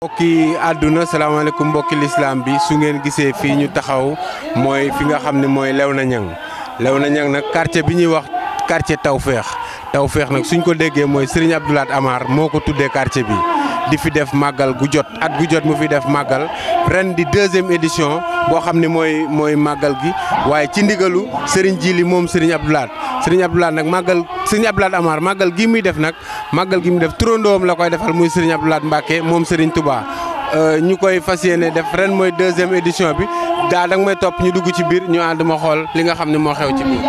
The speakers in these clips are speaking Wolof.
mbokki àdduna salaamaaleykum mbokki lislaam bi su ngeen gisee fii ñu taxaw mooy fi nga xam ne mooy lew na Léona lew na Niang nag quartier bi ñuy wax quartier Tawféex Tawféex nag suñ ko déggee mooy Serigne Abdoulaye Amar moo ko tuddee quartier bi di fi def màggal gu jot at gu jot mu fi def màggal ren di deuxième édition boo xam ne mooy mooy màggal gi waaye ci ndigalu Serigne Djily moom Serigne Abdou Lahad Serigne nag màggal Serigne Abdou Lahad màggal gi muy def nag màggal gi mu def turandoom la koy defal muy Serigne Abdou Lahad Mbacké moom Serigne Touba euh, ñu koy fas yéene def ren mooy deuxième édition bi daa danga may topp ñu dugg ci biir ñu ànd ma xool li nga xam ne moo xew ci biir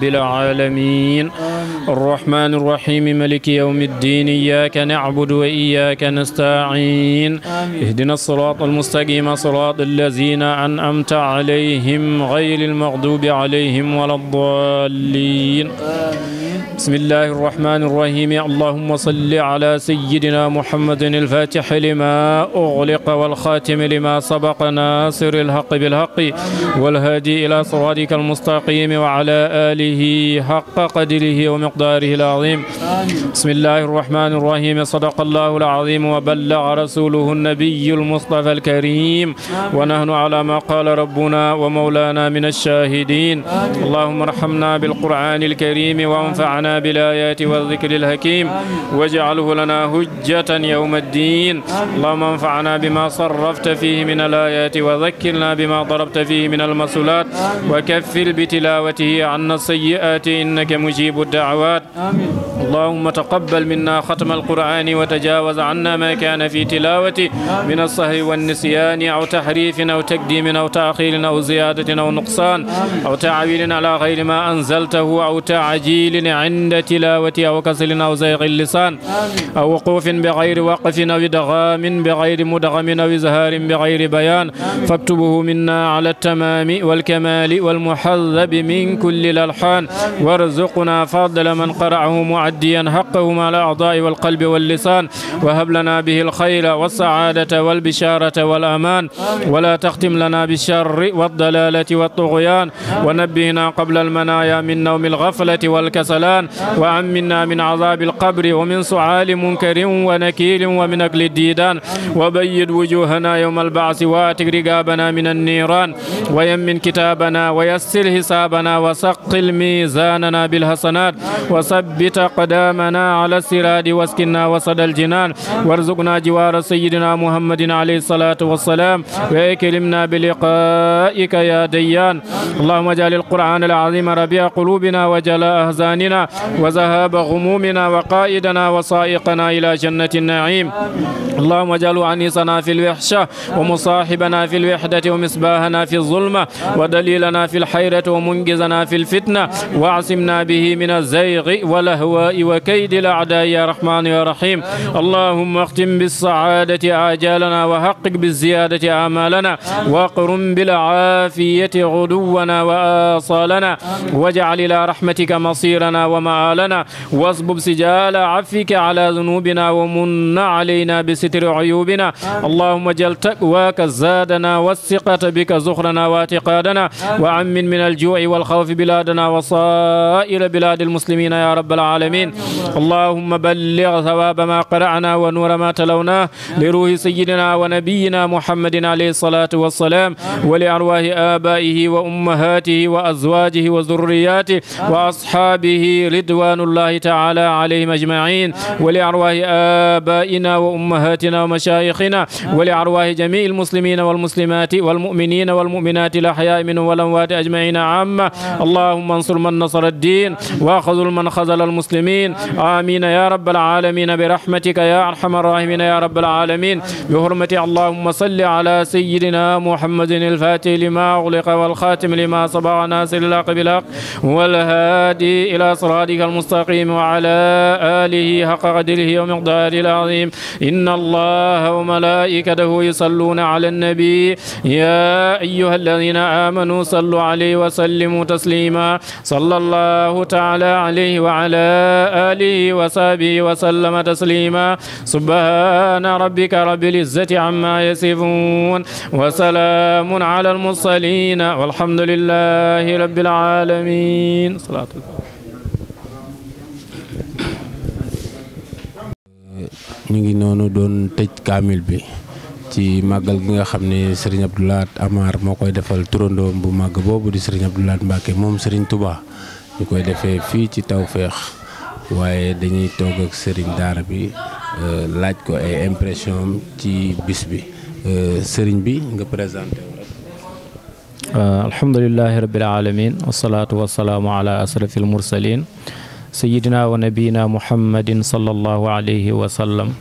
رب العالمين الرحمن الرحيم ملك يوم الدين إياك نعبد وإياك نستعين اهدنا الصراط المستقيم صراط الذين أنأمت عليهم غير المغضوب عليهم ولا الضالين آمين بسم الله الرحمن الرحيم اللهم صل على سيدنا محمد الفاتح لما أغلق والخاتم لما سبق ناصر الحق بالحق والهادي إلى صراطك المستقيم وعلى آله حق قدره ومقداره العظيم بسم الله الرحمن الرحيم صدق الله العظيم وبلغ رسوله النبي المصطفى الكريم ونحن على ما قال ربنا ومولانا من الشاهدين اللهم ارحمنا بالقرآن الكريم وانفعنا متعنا بالآيات والذكر الحكيم واجعله لنا هجة يوم الدين اللهم انفعنا بما صرفت فيه من الآيات وذكرنا بما ضربت فيه من المسولات وكفر بتلاوته عنا السيئات إنك مجيب الدعوات اللهم تقبل منا ختم القرآن وتجاوز عنا ما كان في تلاوته من الصهو والنسيان أو تحريف أو تقديم أو تأخير أو زيادة أو نقصان أو تعويل على غير ما أنزلته أو تعجيل عن عند تلاوتها وكسل أو زيغ اللسان أو وقوف بغير وقف أو إدغام بغير مدغم أو إزهار بغير بيان فاكتبه منا على التمام والكمال والمحذب من كل الألحان وارزقنا فضل من قرعه معديا حقهما الأعضاء والقلب واللسان وهب لنا به الخير والسعادة والبشارة والأمان ولا تختم لنا بالشر والضلالة والطغيان ونبهنا قبل المنايا من نوم الغفلة والكسلان وعمنا من عذاب القبر ومن سعال منكر ونكير ومن أكل الديدان وبيد وجوهنا يوم البعث واتق رقابنا من النيران ويمن كتابنا ويسر حسابنا وسقل ميزاننا بالحسنات وثبت أقدامنا على الصراط واسكنا وصد الجنان وارزقنا جوار سيدنا محمد عليه الصلاة والسلام وأكرمنا بلقائك يا ديان اللهم اجعل القرآن العظيم ربيع قلوبنا وجلاء أحزاننا وذهاب غمومنا وقائدنا وصائقنا إلى جنة النعيم اللهم اجعل أنيسنا في الوحشة ومصاحبنا في الوحدة ومصباحنا في الظلمة ودليلنا في الحيرة ومنجزنا في الفتنة واعصمنا به من الزيغ والأهواء وكيد الأعداء يا رحمن يا رحيم اللهم اختم بالسعادة آجالنا وحقق بالزيادة آمالنا وقرم بالعافية غدونا وآصالنا واجعل إلى رحمتك مصيرنا وما معالنا واصبب سجال عفك على ذنوبنا ومن علينا بستر عيوبنا اللهم اجعل تقواك زادنا والثقة بك زخرنا واعتقادنا وعمن من الجوع والخوف بلادنا وصائر بلاد المسلمين يا رب العالمين اللهم بلغ ثواب ما قرأنا ونور ما تلوناه لروح سيدنا ونبينا محمد عليه الصلاة والسلام ولأرواح آبائه وأمهاته وأزواجه وذرياته وأصحابه ridwanu llahi taala alayhim ajmain wa li arwahi abaina wa ummahatina wa mashayikhina wa li arwahi jamii almuslimina walmuslimati walmuminina walmuminati alahyai minhum walamwati ajmain amma allahumma ansur man nasara addin wa khazul man khazala almuslimin amin ya rabbal alamin birahmatika ya arhamar rahimin ya rabbal alamin بحرمة اللهم صل على سيدنا محمد الفاتح لما أغلق والخاتم لما سبق ناصر الحق بالحق والهادي إلى صراط صراطك المستقيم وعلى آله حق قدره ومقداره العظيم إن الله وملائكته يصلون على النبي يا أيها الذين آمنوا صلوا عليه وسلموا تسليما صلى الله تعالى عليه وعلى آله وصحبه وسلم تسليما سبحان ربك رب العزة عما يصفون وسلام على المرسلين والحمد لله رب العالمين صلاة الله ñu ngi noonu doon tëj kaamil bi ci màggal gi nga xam ne Serigne Abdou Lahad moo koy defal turandoom bu màgg boobu di Serigne Abdou Lahad Mbacke moom Serigne Touba ñu koy defee fii ci Tawféex waaye dañuy toog ak Serigne Daara bi euh, laaj ko ay impression ci bis bi euh, sëriñ bi nga présenté wu rek. Euh, alhamdulilahi rabbil alamin wasalaatu wasalaamu ala asrafil mursalin sayidina wa nabiyina muhammadin sallallahu alayhi wa sallam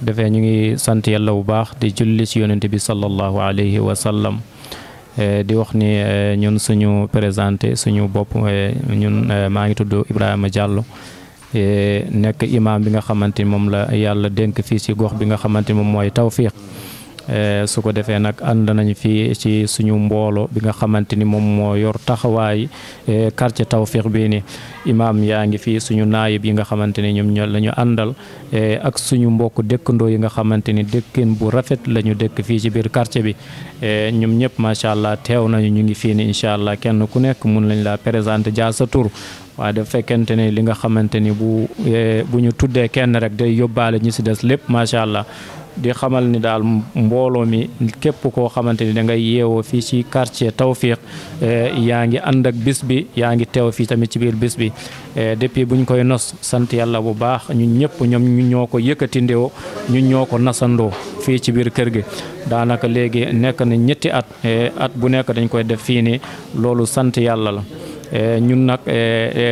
defee ñu ngi sant yàlla wu baax di julli si yonent bi sallallahu alayhi wa sallam eh, di wax ni eh, ñun suñu présenté suñu bopp eh, ñun maa ngi tudd Ibrahima Diallo nekk imaam bi nga xamante moom la yàlla dénk fii si gox bi nga xamante ni moom mooy tawfiq Eh, su ko defee nag ànd nañu fii ci suñu mboolo bi nga xamante ni moom moo yor taxawaay eh, quartier Tawfekh bii ni imaam yaa ngi fii suñu naayib yi nga xamante ni ñoom ñoo la ñu àndal eh, ak suñu mbokk dëkkandoo yi nga xamante ni dëkkin bu rafet la ñu dëkk fii ci biir quartier bi ñoom ñëpp macha allah teew nañu ñu ngi fii ni incha allah kenn ku nekk mun lañ la présenter jaar sa tur waaye fekkente ne li nga xamante ni bu bu ñu tuddee kenn rek day yóbbaale ñu si des lépp macha allah di xamal ni daal mbooloo mi képp koo xamante ni da ngay yeewoo fii ci quartier Tawfiq eh, yaa ngi ànd ak bis bi yaa ngi teew fii tamit ci biir bis bi eh, depuis buñ koy nos sant yàlla bu baax ñun ñëpp ñoom ñu ñoo ko yëkkatindoo ñu ñoo ko nasandoo fii ci biir kër gi daanaka léegi nekk na ñetti at eh, at bu nekk dañ koy def fii ni loolu sant yàlla la ñun nag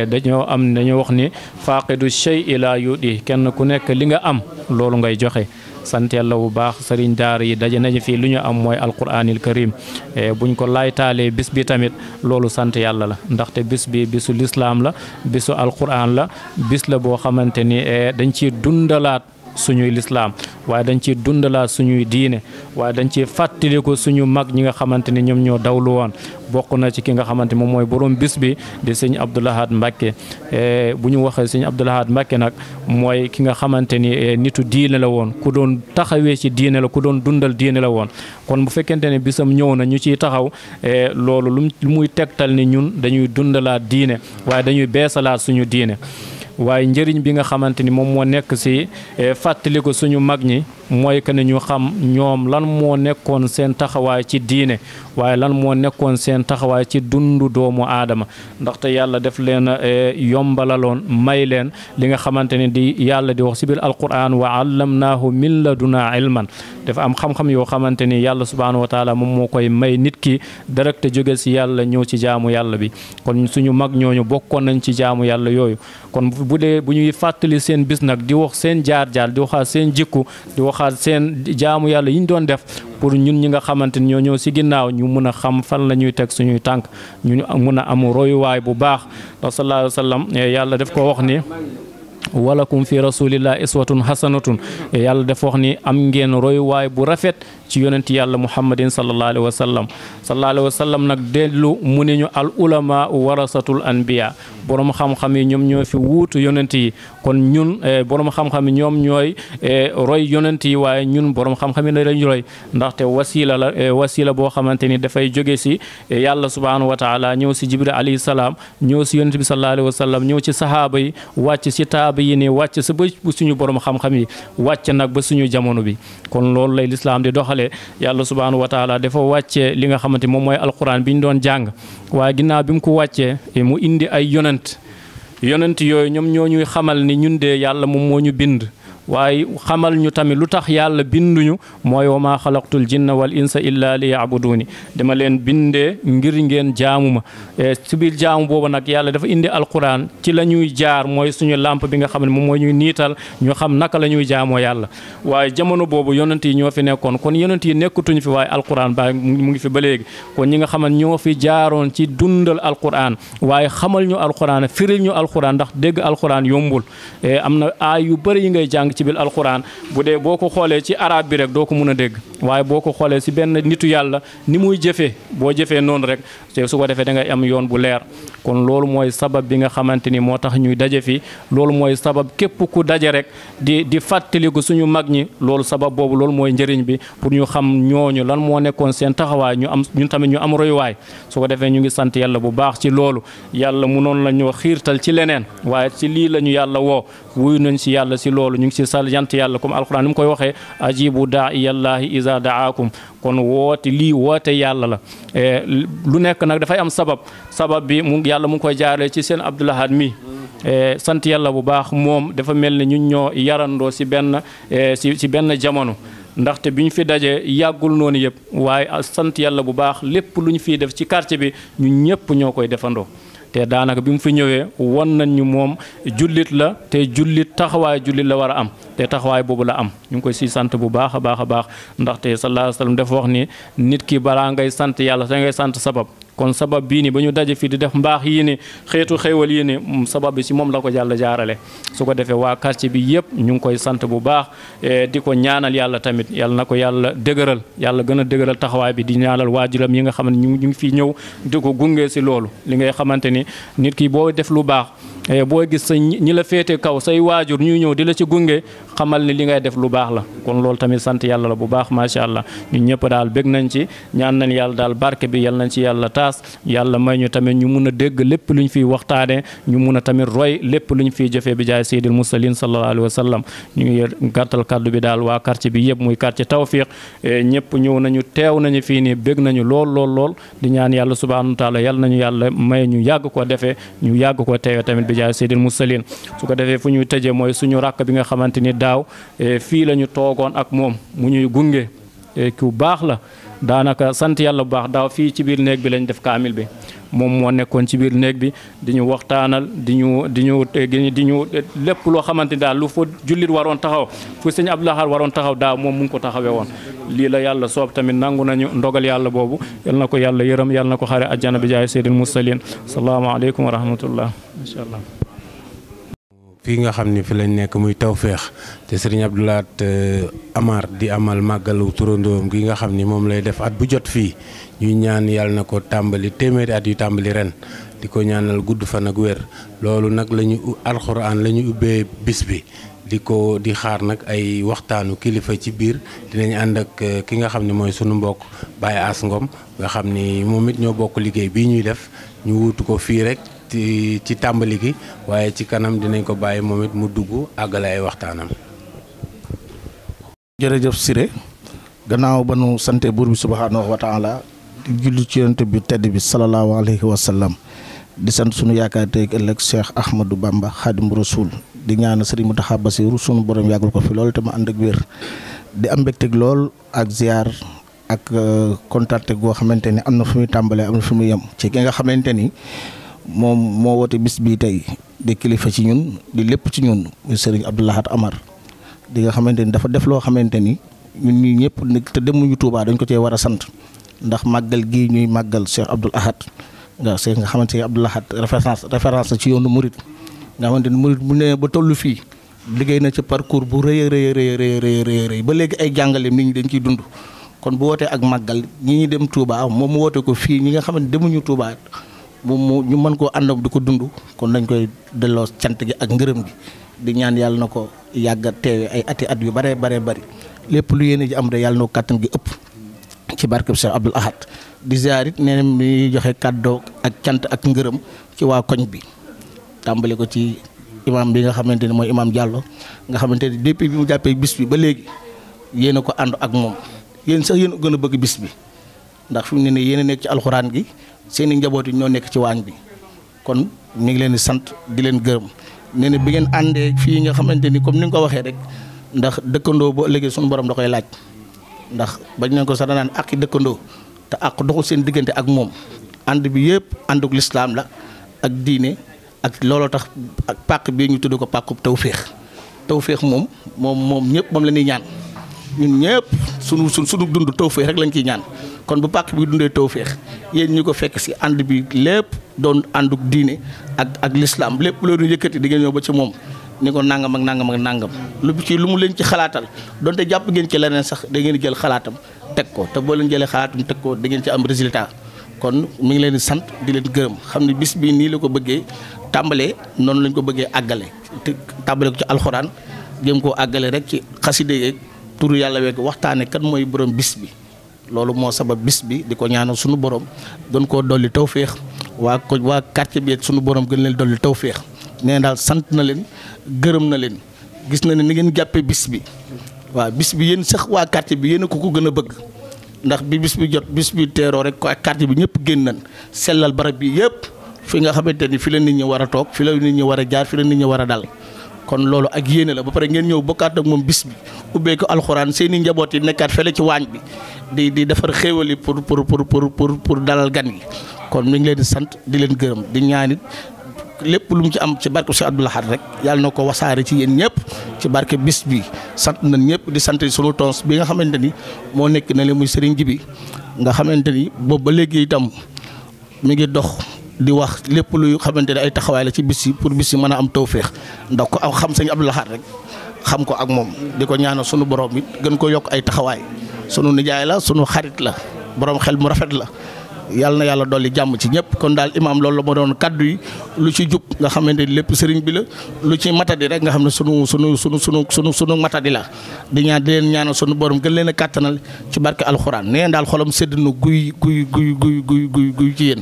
dañoo am dañoo wax ni faaqidu shay ila yudi kenn ku nekk li nga am loolu ngay joxe sant yàlla bu baax sëriñ daara yi daje nañu fii lu ñu am mooy alquranil karim eh, buñ ko laytaalee bis bi tamit loolu sant yàlla la ndaxte bis bi bisu lislaam la bisu alquran la bis la boo xamante ni eh, dañ ciy dundalaat suñuy lislaam waaye dañ ciy dundalaat suñuy diine waaye dañ ciy fàttaliku suñu mag ñi nga xamante ni ñoom ñoo dawlu woon bokk na ci ki nga xamante moom mooy borom bis bi di sëñ Abdoulahat Mbacke eh, bu ñu waxee sëñ Abdoulahat Mbacke nag mooy ki nga xamante ni eh, nitu diine la woon ku doon taxawee ci diine la ku doon dundal diine la woon kon bu fekkente ne bisam ñëw na ñu ciy taxaw eh, loolu lu muy tegtal ne ñun dañuy dundalaat diine waaye dañuy beesalaat suñu diine waaye njëriñ bi nga xamante ni moom moo nekk si eh, fàttali ko suñu mag ñi mooy que ñu xam ñoom lan moo nekkoon seen taxawaay ci diine waaye lan moo nekkoon seen taxawaay ci dundu doomu aadama ndaxte yàlla def leen eh, yombalaloon may leen li nga xamante ne di yàlla di wax si biir alquran wa allamnaahu min ladunaa ilman dafa am xam-xam yoo xamante ni yàlla subhaanahu wa taala moom moo koy may nit ki directe jóge si yàlla ñëw ci jaamu yàlla bi kon suñu mag ñooñu bokkoon nañ ci jaamu yàlla yooyu kon bu ñuy fàttali seen bis nag seen jaar waxaat seen jaamu yàlla yi ñu doon def pour ñun ñi nga xamante ni ñoo ñëw si ginnaaw ñu mun a xam fan la ñuy teg suñuy tànk ñu mun a am royuwaay bu baax ndax sallallahu alayhi wa sallam eh, yàlla def ko wax ni walakum fi rasulillah iswatun hasanatun eh, yàlla def wax ni am ngeen royuwaay bu rafet ci yonent yàlla muhammadin sallallahu alayhi wa sallam sallallahu alayhi wa sallam nag dellu mu ne ñu al ulama warasatul anbiya borom xam-xam yi ñoom ñoo fi wuutu yonent yi kon ñun eh, borom xam-xam yi ñoom ñooy eh, roy yonent yi waaye ñun borom xam-xam yi lañu roy ndaxte wasila la eh, wasila boo xamante ni dafay jóge si yàlla subhanahu wa taala ñëw si jibril alayhi salaam ñëw si yonent bi sallallahu alayhi wa sallam ñëw ci sahaaba yi wàcc si taaba yi ni wàcc si ba suñu borom xam-xam yi wàcc nag ba suñu jamono bi jaaxale yàlla subhaanahu wa taala dafa wàccee li nga xamante moom mooy alquran bi ñu doon jàng waaye ginnaaw bi mu ko wàccee eh, mu indi ay yonent yonent yooyu ñoom ñoo ñuy xamal ni ñun de yàlla moom moo ñu bind waaye xamal ñu tamit lu tax yàlla binduñu mooy wa maa xalaqtul jinna wal insa illa li yaabuduuni dama leen bindee ngir ngeen jaamu ma eh, ci biir jaamu boobu nag yàlla dafa indi alquran ci la ñuy jaar mooy suñu lamp bi nga xam ne moom mooy ñuy niital ñu xam naka la ñuy jaamoo yàlla waaye jamono boobu yonent yi ñoo fi nekkoon kon yonent yi nekkutuñu fi waaye alquran ba mu ngi fi ba léegi kon ñi nga xaman ne ñoo fi jaaroon ci dundal alquran waaye xamal ñu alquran firil ñu alquran ndax dégg alquran yombul eh, ci biir alquran bu dee boo ko xoolee ci araab bi rek doo ko mën a dégg waaye boo ko xoolee si benn nitu yàlla ni muy jëfee boo jëfee noonu rek te su ko defee da am yoon bu leer kon loolu mooy sabab bi nga xamante ni moo tax ñuy daje fi loolu mooy sabab képp ku daje rek di di fàttaliku suñu mag ñi loolu sabab boobu loolu mooy njëriñ bi pour ñu xam ñooñu lan moo nekkoon seen taxawaay ñu am ñun tamit ñu am royuwaay su ko defee ñu ngi sant yàlla bu baax ci loolu yàlla munoon la ñoo xiirtal ci leneen waaye ci lii la ñu yàlla woo wuyu nañ si yàlla si loolu ñu ngi si sal yàlla comme alxuraan ni mu koy waxee ajibu daa iyallaahi isa daakum kon woote lii woote yàlla la eh, nag dafay am sabab sabab bi mu yàlla mu ngi koy jaaree ci seen Abdoulahad mi mm-hmm. eh, sant yàlla bu baax moom dafa mel ni ñu ñoo yarandoo si benn si eh, si benn jamono ndaxte bi ñu fi dajee yàggul noonu yëpp waaye sant yàlla bu baax lépp lu ñu fi def ci quartier bi ñun ñëpp ñoo koy defandoo te daanaka bi mu fi ñëwee won nañ ñu moom jullit la te jullit taxawaay jullit la war a am te taxawaay boobu la am ñu ngi koy si sant bu baax a baax a baax ndaxte sa alayhi wa wax ni nit ki balaa ngay sant yàlla sa ngay sant sabab kon sabab bii nii ba ñu daje fii di def mbaax yii ni xeetu xéewal yii ni mm, sabab bi si moom la ko yàlla jaarale su ko defee waa quartier bi yëpp ñu ngi koy sant bu baax e, di ko ñaanal yàlla tamit yàlla na ko yàlla dëgëral yàlla gën a dëgëral taxawaay bi di ñaanal waajuram yi nga xam ne ñu ngi fiy ñëw di ko gunge si loolu li ngay xamante ni nit ki boo def lu baax Eh, boo gis sa ñi la féete kaw say waajur ñuy ñëw di la ci gunge xamal ni li ngay def lu baax la kon loolu tamit sant yàlla la bu baax macha allah ñun ñëpp daal bég nañ ci ñaan nañ yàlla bi yal nañ ci yàlla taas yàlla may ñu tamit ñu mun a dégg lépp lu ñu fiy waxtaane ñu mun a tamit roy lépp lu ñu fiy jëfee bi jaay seydil musalin sallallahu alayhi wa sallam ñu ngi gàttal kaddu bi daal waa quartier bi yëpp muy quartier tawfiq eh, ñëpp ñëw nañu teew nañu fii nii bég nañu lool lool lool di ñaan yàlla subhanahu wa taala yàlla nañu yàlla may ñu yàgg ko defee ñu yàgg ko teewee tamit bi jaay seydil mursalin su ko defee fu ñuy tëjee mooy suñu rakk bi nga xamante ni daaw e, fii la ñu toogoon ak moom mu ñuy gunge e, ku baax la daanaka sant yàlla bu baax daaw fii ci biir néeg bi lañ def kaamil bi moom moo nekkoon ci biir néeg bi di ñu waxtaanal di ñu di ñu di ñu lépp loo xamante daal lu fa jullit waroon taxaw fu sëñ Abdou Lahad waroon taxaw daaw moom mu ngi ko taxawee woon lii la yàlla soob tamit nangu nañu ndogal yàlla boobu yal na ko yàlla yërëm yal na ko xare ajjana bi jaay seydil mursalin salaamaaleykum wa rahmatullah incha allah fii nga xam ni fi lañu nekk muy tawféex te sëriñ Abdou Lahat euh, Amar di amal màggalu turandoom gi nga xam ni moom lay def at bu jot fii ñuy ñaan yàlla na ko tàmbali téeméeri at yu tàmbali ren di ko ñaanal gudd fan ak wér loolu nag la ñu alxuraan lañu ñu ubbee bis bi di ko di xaar nag ay waxtaanu kilifa ci biir dinañ ànd ak euh, ki nga xam ne mooy sunu mbokk bay As Ngom nga xam ni moom it ñoo bokk liggéey bii ñuy def ñu wuutu ko fii rek. ci ci tàmbali gi waaye ci kanam dinañ ko bàyyi moom it mu dugg àggale ay waxtaanam. jërëjëf Siré gannaaw ba nu sante buur bi subhaanahu wa di julli ci yonent bi tedd bi salallaahu alayhi wa sallam di sant sunu yaakaar teeg ëllëg Cheikh Ahmadou Bamba Xaadim Rasuul di ñaan Sëriñ Muntaxa Basiru sunu borom yàggul ko fi loolu te ma ànd ak wér di am mbégteeg lool ak ziar ak euh, contacté goo xamante ni am na fu muy tàmbalee am na fu mu yem ci ki nga xamante ni. moom moo woote bis bii tey di kilifa ci ñun di lépp ci ñun muy sëriñ Abdou Lahad Amar di nga xamante ni dafa def loo xamante ni ñun ñii ñëpp te demuñu Touba dañ ko cee war a sant ndax màggal gii ñuy màggal Cheikh Abdoul Ahad nga Cheikh nga xamante ne Abdoul Ahad référence référence la ci yoonu Mouride nga xamante ni Mouride bu nee ba tollu fii liggéey na ci parcours bu rëy a ba léegi ay jàngaleem nit ñi dañ ciy dund. kon bu ak màggal ñi dem Touba moom mu woote ko fii ñi nga xam ne demuñu Touba. bu mu ñu mën koo ànd ak di ko dund kon dañ koy delloo cant gi ak ngërëm gi di ñaan yàlla na ko yàgg teewe ay ati at yu bare bare bari lépp lu yéene ji am de yàlla na ko kàttan gi ëpp ci barkeb Cheikh Abdoul Ahad di ziar it nee mi joxe kàddoo ak cant ak ngërëm ci waa koñ bi tàmbali ko ci imam bi nga xamante ni mooy imam Diallo nga xamante ni depuis bi mu jàppee bis bi ba léegi yéen a ko ànd ak moom yéen sax yéen gën a bëgg bis bi ndax fi mu yéen a nekk ci alxuraan gi seeni njaboot yi ñoo nekk ci waañ bi kon ñu ngi leen sant di leen gërëm nee bi ngeen àndee fii nga xamante ni comme ni nga ko waxee rek ndax dëkkandoo boo léegi suñu borom da koy laaj ndax bañ nañ ko sax danaan àqi dëkkandoo te àq doxul seen diggante ak moom ànd bi yëpp ànduk lislaam la ak diine ak looloo tax ak pàq bii ñu tudd ko pàqub tawféex tawféex moom moom moom ñëpp moom la ñuy ñaan ñun ñëpp sunu sunu dund tawféex rek lañ ciy ñaan kon bu pàq bi dundee tawféex yéen ñi ko fekk si ànd bi lépp doon ànduk diine ak ak lislaam lépp loolu yëkkati di ngeen ba ci moom ni ko nangam ak nangam ak nangam lu bu ci lu mu leen ci xalaatal donte jàpp ngeen ci leneen sax da ngeen jël xalaatam teg ko te boo leen jëlee xalaatam teg ko da ci am résultat kon mu ngi leen di sant di leen gërëm xam ne bis bi nii la ko bëggee tàmbalee noonu lañ ko bëggee àggale te tàmbale ko ci alxuraan jëm koo àggale rek ci xaside yeeg turu yàlla weeg waxtaane kan mooy borom bis bi loolu moo sama bis bi di ko ñaanal sunu borom doon koo dolli féex waa ko waa quartier bi sunu borom gën leen dolli tawféex nee daal sant na leen gërëm na leen gis na ne ni ngeen jàppee bis bi waaw bis bi yéen sax waa quartier bi yéen a ko ko gën a bëgg ndax bi bis bi jot bis bi teeroo rek ko ak quartier bi ñëpp génn nañ sellal barab bi yëpp fi nga xamante ni fi la nit ñi war a toog fi la nit ñi war a jaar fi la nit ñi war a dal. kon loolu ak yéene la ba pare ngeen ñëw bokkaat ak moom bis bi ubbee alxuraan seeni njaboot yi nekkaat fële ci waañ bi di di defar xéewal yi pour pour pour pour pour dalal gan yi kon mi ngi leen di sant di leen gërëm di ñaanit lépp lu mu ci am ci barke si Abdou Lahad rek yàlla na ko wasaare ci yéen ñëpp ci barke bis bi sant nañ ñëpp di sant sunu tons bi nga xamante ni moo nekk na le muy Serigne Jibi nga xamante ni boobu ba léegi itam mu ngi dox di wax lépp luy xamante ne ay taxawaay la ci bis yi pour bis yi mën a am tawféex ndax ko am xam Serigne Abdou Lahad rek xam ko ak moom di ko ñaanal sunu borom it gën koo yokk ay taxawaay. sunu nijaay la sunu xarit la boroom xel mu rafet la yàlla na yàlla dolli jàmm ci ñëpp kon daal imaam loolu la ma doon kaddu yi lu ci jub nga xamante ni lépp sëriñ bi la lu ci matadi rek nga xam ne sunu sunu sunu sunu sunu sunu matadi la di ñaan di leen ñaanal sunu borom gën leen a kàttanal ci barke alxuraan nee daal xolam sédd na guy guy guy guy guy guy ci yéen.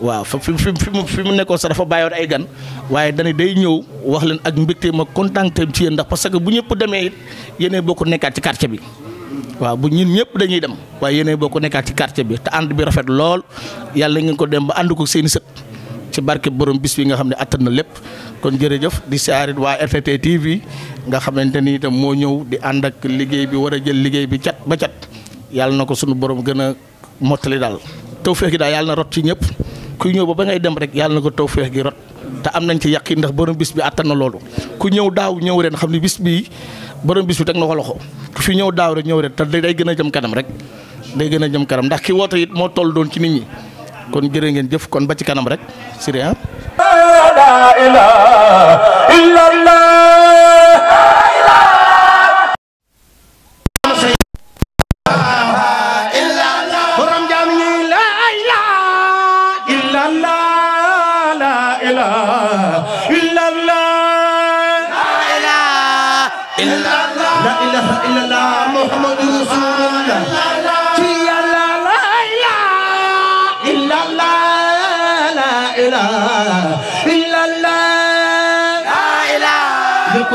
waaw fa fi fi fi mu nekkoo sax dafa bàyyoon ay gan waaye dana day ñëw wax leen ak mbégteem ak kontaanteem ci yéen ndax parce que bu ñëpp demee it yéenay nekkaat ci quartier bi. waaw bu ñun ñëpp dañuy dem waaye yéen boo ko nekkaat ci quartier bi te ànd bi rafet lool yàlla ngeen ko dem ba ànd ko seeni sët ci barke borom bis bi nga xam ne attan na lépp kon jërëjëf di saarit waa RTT TV nga xamante ni tam moo ñëw di ànd ak liggéey bi war a jël liggéey bi cat ba cat yàlla na ko suñu borom gën a mottali daal tawféex gi daal yàlla na rot ci ñëpp ku ñëw ba ba ngay dem rek yàlla na ko tawféex gi rot te am nañ ci yàq yi ndax borom bis bi attan na loolu borom bis bi teg na ko loxo ku fi ñëw daaw rek ñëw rek te day gën a jëm kanam rek day gën a jëm kanam ndax ki woote it moo toll doon ci nit ñi kon jërë ngeen jëf kon ba ci kanam rek ah. la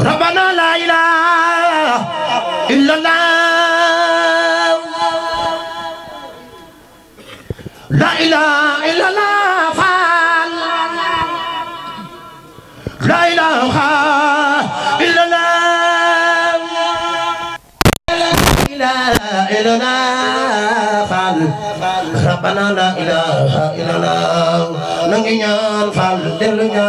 ربنا لا إله إلا الله لا إله إلا الله فعل لا إله إلا الله لا إله إلا الله فعل ربنا لا إله إلا الله نعيان فعل دلنا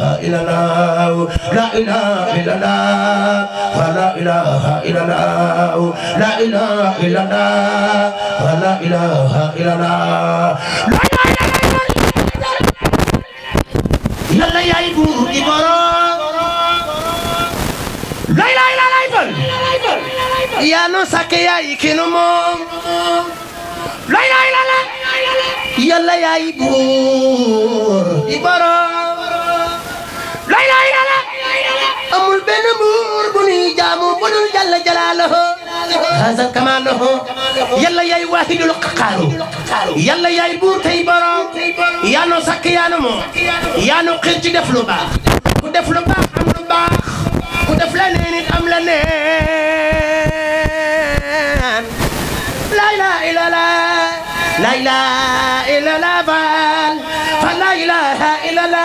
إلا الله لا إله إلا الله فلا إله إلا الله لا إله إلا الله فلا إله إلا الله yàlla yaay buur di boroom lay lay la lay bal yaa nu sàkk yaay ki nu moom lay lay la la yàlla yaay buur di boroom lay lay yàlla amul benn buur bu nuy jaamu bu dul jàll jalaaluhu haza kamaaluhu yàlla yaay waahidul qahhaaru yàlla yaay buur tey borom yaa nu sakk yaa nu moom yaa nu xir ci def lu baax ku def lu baax am lu baax ku def la neen it am la neen lay lay lala lay lay lala faal fa lay lay lala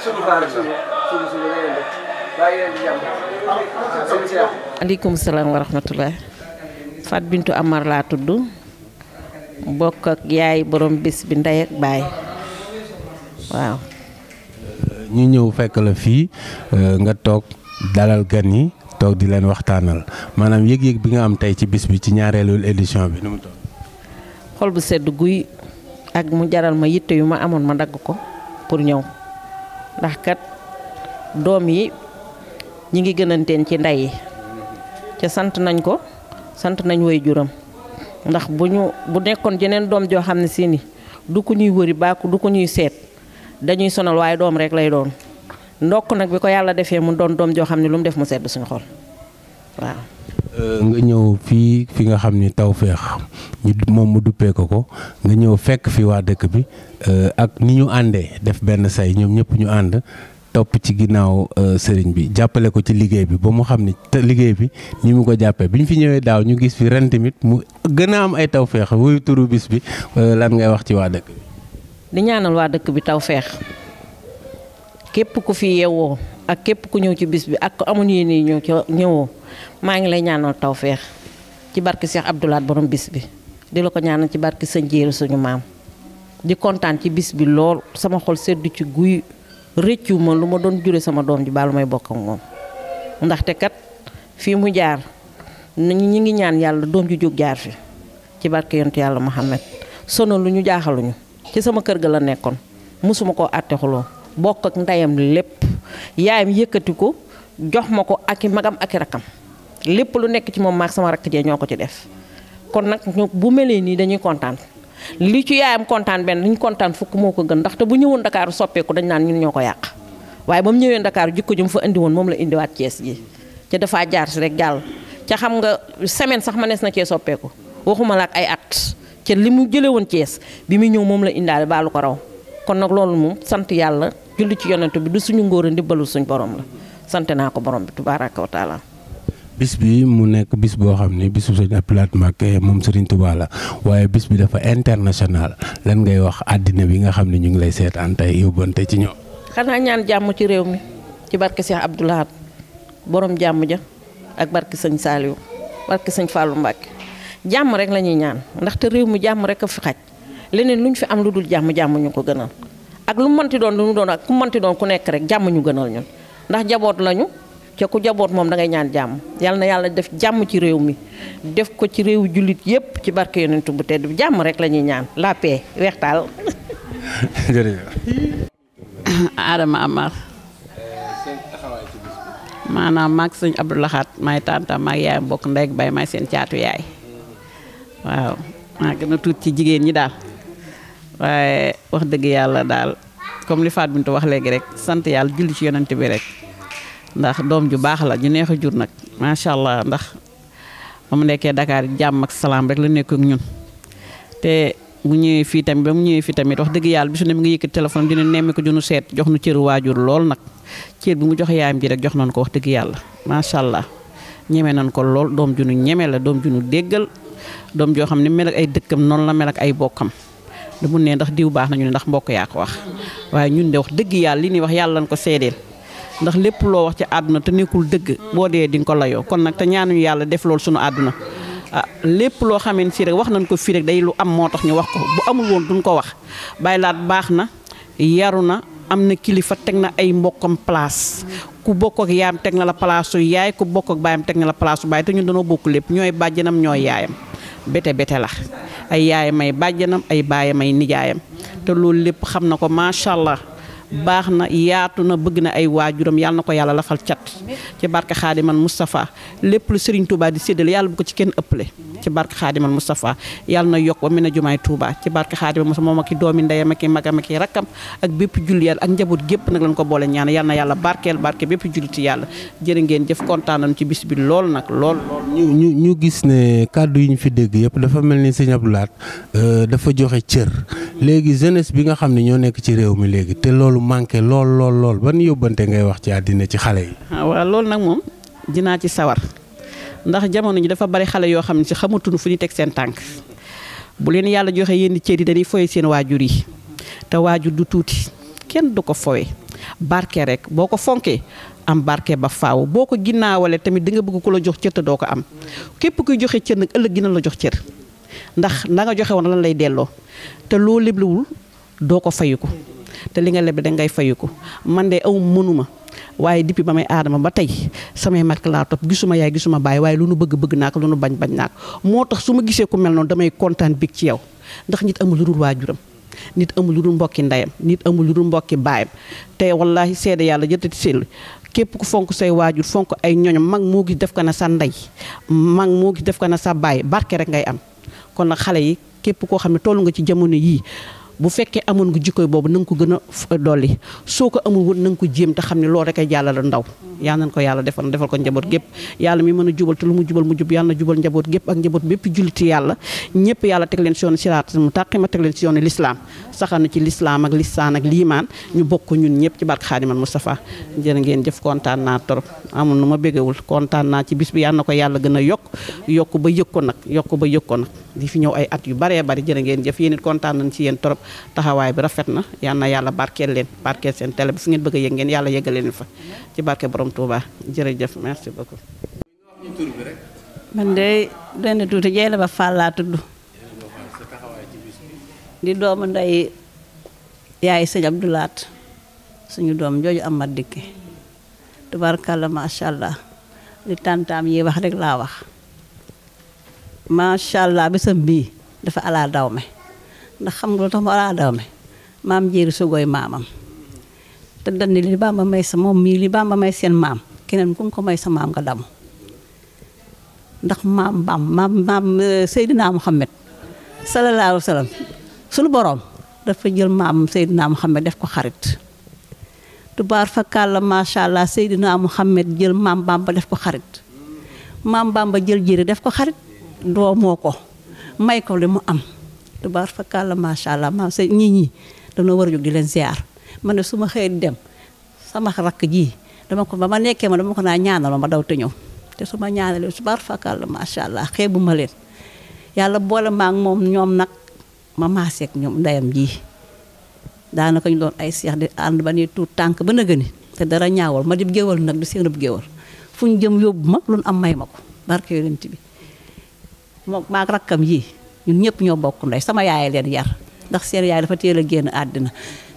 suñu salaam wa rahmatulah. Bintu Amar laa tudd bokk ak yaay borom bis bi ndey ak baay ñu ñëw fekk la fii euh, nga toog dalal gan yi toog di leen waxtaanal maanaam yëg-yëg bi nga am tey ci bis bi ci ñaareelu édition bi nu mu toog. xol bu sedd guy ak mu jaral ma yitte yu ma amoon ma dagg ko pour ñëw. ndax kat doom yi ñi ngi gënanteen ci ndey yi ca sant nañ ko sant nañ woy juram ndax bu ñu bu nekkoon jeneen doom joo xam ne si ni du ko ñuy wëri baaku du ko ñuy seet dañuy sonal waaye doom rek lay doon ndokk nag bi ko yàlla defee mu doon doom joo xam ne lu mu def mu sedd suñu xol waaw Euh, nga ñëw fii fi nga xam ni tawféex ñu moom mu duppee ko ko nga ñëw fekk fi waa dëkk bi euh, ak ni ñu àndee def benn say ñoom ñëpp ñu ànd topp ci ginnaaw euh, sëriñ bi jàppale ko ci liggéey bi ba mu xam ni liggéey bi ni mu ko jàppee bi ñu fi ñëwee daaw ñu gis fi ren tamit mu gën a am ay tawféex wuyu turu bis bi lan ngay wax ci waa dëkk bi. di ñaanal waa dëkk bi tawféex képp ku fi yeewoo. ak képp ku ñëw ci bis bi ak ko amuñu yéen ñëw ci ñëwoo maa ngi lay ñaanal tawféex ci barke Cheikh Abdoulaat borom bis bi di la ko ñaanal ci barke sa njéeru suñu maam di kontaan ci bis bi lool sama xol seddu ci guy rëccu ma lu ma doon jure sama doom ji baalu may bokk ak moom ndaxte kat fii mu jaar nañu ñi ngi ñaan yàlla doom ji jóg jaar fi ci barke yontu yàlla Muhammad sono lu ñu jaaxaluñu ci sama kër ga la nekkoon mosuma koo àtte xuloo bokk ak ndeyam lépp yaayam yëkkati ko jox ma ko ak i magam ak i rakam lépp lu nekk ci moom maag sama rakk jee ñoo ko ci def kon nag ñu bu melee nii dañuy kontaan li ci yaayam kontaan benn dañu kontaan fukk moo ko gën ndaxte bu ñëwoon Dakar soppeeku dañ naan ñun ñoo ko yàq waaye ba mu ñëwee Dakar jikko ju mu fa indi moom la indiwaat cees ji ca dafaa jaar si rek jàll ca xam nga semaine sax ma manees na cee soppeeku waxuma la ak ay at ca li mu jëlee woon Thiès bi muy ñëw moom la indaale baalu ko raw kon nag julli ci yonent bi du suñu ngóor a ndimbalu suñu borom la sant naa ko borom bi tubaaraka wa bis bi mu nekk bis boo xam ne bisu sëñ Abdou Lahad Mbacké moom Serigne Touba la waaye bis bi dafa international lan ngay wax àddina bi nga xam ne ñu ngi lay seetaan tey yóbbante ci ñoom. xanaa ñaan jàmm ci réew mi ci barke Cheikh Abdou Lahad borom jàmm ja ak barke sëñ Saliou barke sëñ Fallou jàmm rek lañuy ñaan ndaxte réew mi jàmm rek a fi xaj leneen lu fi am lu dul jàmm jàmm ñu ko gënal. ak lu mënti doon lu mu doon ak ku mënti doon ku nekk rek jàmm ñu gënal ñun ndax jaboot lañu ca ku jaboot moom da ngay ñaan jàmm yal na yàlla def jàmm ci réew mi def ko ci réew jullit yépp ci barke yonentu bu tedd bi jàmm rek la ñuy ñaan la paix weextaal jërëjëf maanaam maag sëñ Abdou Lahat maay tàntam maag yaayam bokk ndey seen caatu yaay waaw maa tuut ci jigéen ñi daal waaye wax dëgg yàlla daal comme li Fatou Bintou wax léegi rek sant yàlla julli ci yonent bi rek ndax doom ju baax la ju neex a jur nag macha allah ndax ba mu nekkee Dakar jàmm ak salaam rek la nekk ak ñun te mu ñëwee fii tamit ba mu ñëwee tamit wax dëgg yàlla bisu ne mi ngi yëkkat téléphone dina nemmi ko junu seet jox nu cëru waajur lool nag cër bi mu jox yaayam ji rek jox nañ ko wax dëgg yàlla macha allah ñeme nañ ko lool doom junu ñeme la doom junu déggal doom joo xam ne mel ak ay dëkkam noonu la mel ak ay bokkam. du mun ne ndax diw baax nañu ne ndax mbokk yaa ko wax waaye ñun de wax dëgg yàlla li ñuy wax yàlla lañ ko seedeel ndax lépp loo wax ci àdduna te nekkul dëgg boo dee di nga ko layoo kon nag te ñaanuñu yàlla def loolu suñu àdduna ah lépp loo xamee si rek wax nañ ko fii rek day lu am moo tax ñu wax ko bu amul woon duñ ko wax bàyyi laat baax na yaru na am na kilifa teg na ay mbokkam place ku bokk ak yaayam teg na la palaasu yaay ku bokk ak baayam teg na la palaasu baay te ñun dañoo bokk lépp ñooy bàjjanam ñooy yaayam bete bete la ay yaayam ay bàjjanam ay baayam ay nijaayam te loolu lépp xam na ko macha allah. baax na yaatu na bëgg na ay waajuram yàlla na ko yàlla lafal cat ci barke xaadiman Moustapha lépp lu Serigne Touba di séddale yàlla bu ko ci kenn ëppale ci barke xaadiman Moustapha yàlla na yokk ba mu ne jumaay Touba ci barke xaadiman Moustapha moom ak i doomi ndeyam ak i magam ak i rakkam ak bépp jullit ak njaboot ko boole ñaan yàlla na yàlla barkeel barke bépp julliti yàlla jërë ngeen jëf kontaan nañ ci bis bi lool nag lool. ñu ñu gis ne kàddu yi ñu fi dégg yëpp dafa mel ni Serigne Abdou Lahad euh, dafa joxe cër mm-hmm. léegi jeunesse bi nga xam ne ñoo nekk ci réew mi léegi te loolu loolu manqué lool lool lool ban yóbbante ngay wax ci àddina ci xale yi. Ah, waaw loolu nag moom dinaa ci sawar ndax jamono ñi dafa bari xale yoo xam ne si xamatuñu fu ñu teg seen tànk bu leen yàlla joxe yenn cër yi dañuy foyee seen waajur yi te waajur du tuuti kenn du ko fowe barke rek boo ko fonkee am barke ba faaw boo ko ginnaawalee tamit di nga bëgg ku la jox cër te doo ko am képp kuy joxe cër nag ëllëg dina la jox cër ndax la nga joxe woon lan lay delloo te loo leblewul doo ko fayu ko te li nga lebe da ngay fayu ko man de aw mënuma waaye depuis ba may aadama ba tey samay mag laa topp gisuma yaay gisuma baay waaye lu nu bëgg bëgg naa ko lu nu bañ bañ naa ko moo tax su ma gisee ku mel noonu damay kontaan big ci yow ndax nit amul lu dul waajuram nit amul lu dul mbokki ndeyam nit amul lu dul mbokki baayam te wallahi seede yàlla jëtati sell képp ku fonk say waajur fonk ay ñoñom mag moo gis def ko na sa ndey mag moo gis def ko na sa baay barke rek ngay am kon képp koo xam ne tollu nga ci jamono yii bu fekkee amoon nga jikkoy boobu na ko gën a dolli soo ko amul woon na ko jéem te xam ne loolu rek ay jàllale ndaw yaa nañ ko yàlla defal defal ko njaboot gépp yàlla mi mën a jubal te lu mu jubal mu jub yàlla na jubal njaboot gépp ak njaboot bépp julliti yàlla ñëpp yàlla teg leen si yoonu siraat mu tàqima teg leen si yoonu lislaam saxanu ci lislaam ak lisaan ak liimaan ñu bokk ñun ñëpp ci barke Xaadimal Mustafa jërë ngeen jëf kontaan naa torop amul ma bégewul kontaan naa ci bis bi na ko yàlla gën a yokk yokk ba yëg ko nag ba yëg ko fi ñëw ay at yu baree bari jërë ngeen jëf yéen it kontaan nañ ci yéen torop taxawaay bi rafet na yal na yàlla barkeel leen barkeel seen tele bi fu ngeen bëgg a yëg ngeen yàlla yëgal leen fa ci barke borom Touba jërëjëf merci beaucoup. man de benn tuuti Jeela ba Fall laa tudd di doomu ndey yaay sëñ Abdoulaat suñu doom jooju Amar Dikke tubarkalla macha allah di tàntam yi wax rek laa wax macha allah bisam bii dafa ala daw me ndax xam nga lu tax ma war a maam jéeri sugooy maamam te danni li Bàmba may sa moom mii li Bàmba may seen maam keneen ku ko may sa maam nga damu ndax maam bam maam maam eh, Seydina Muhammad sallallahu alayhi wa boroom dafa jël maam Seydina Muhammad def ko xarit tubaar fakàlla macha allah Seydina Muhammad jël maam ba def ko xarit maam Bàmba jël jéeri def ko xarit doomoo ko may ko li mu am tubaar fakàlla macha allah maam sa ñii ñii dañoo war a jóg di leen ziar man ne suma ma xëyee di dem sama rakk jii dama ko ba ma nekkee ma dama ko naa ñaanal ma ma daw te ñëw te su ma ñaanalee tubaar fakàlla macha allah xeebu ma leen yàlla boole ma moom ñoom nag ma maaseeg ñoom ndeyam ji daanaka ñu doon ay seex di ànd ba nii tuut tànk ba nëgë ni te dara ñaawal ma di géwal nag di seen géwal fu ñu jëm yóbbu ma lu am may ma ko barke yonent bi moom ñun ñëpp ñoo bokk ndey sama yaay leen yar ndax seen yaay dafa teel a génn àddina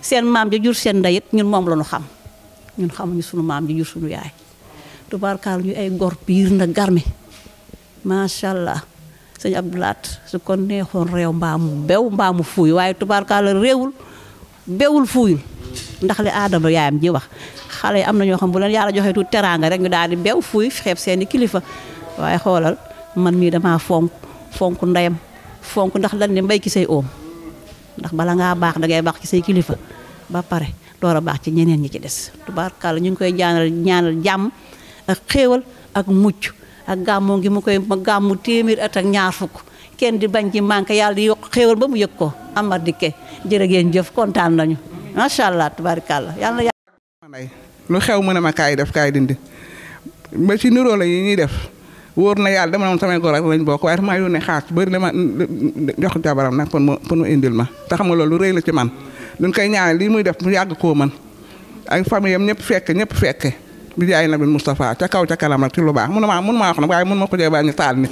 seen maam ji jur seen ndey it ñun moom la xam ñun xamuñu suñu maam ji jur sunu yaay tubaarkaal ñu ay gor piir na garmi macha allah sëñ Abdoulaat su kon neexoon réew mbaamu bew mbaamu fuuy waaye tubaarkaal réewul bewul fuuyul ndax li aadama yaayam ji wax xale yi am na ñoo xam bu leen yàlla joxee tuuti teraanga rek ñu daal di bew fuuy xeeb seeni kilifa waaye xoolal man mii damaa fonk fonk ndeyam fonk ndax lan ne mbay ki say oom ndax bala ngaa baax dangay baax ki say kilifa ba pare loola baax ci ñeneen ñi ci des tubaarkàlla ñu ngi koy jaanal ñaanal jàmm ak xéewal ak mucc ak gàmmoo ngi mu koy gàmmu téeméer at ak ñaar fukk kenn di bañ ci manqué yàlla di yokk xéewal ba mu yëg ko Amar Dikke jërë jëf kontaan nañu macha allah tubaarkàlla yàlla na. lu xew mën a ma kaay def kaay dindi ba ci niroo la yi ñuy def. wóor na yàlla dem ne woon samay góor ak lañ bokk waaye dafa maa yónnee xaalis bëri na ma jox jabaram nag pour mu indil ma te xam nga rëy la ci man duñ kay ñaanal lii muy def mu yàgg koo man ay famille am ñëpp fekke ñëpp fekke bi jaay na bi Moustapha ca kaw ca kanam rek ci lu baax mun maa mun maa wax nag waaye mun ma ko jee baa ñu taal nit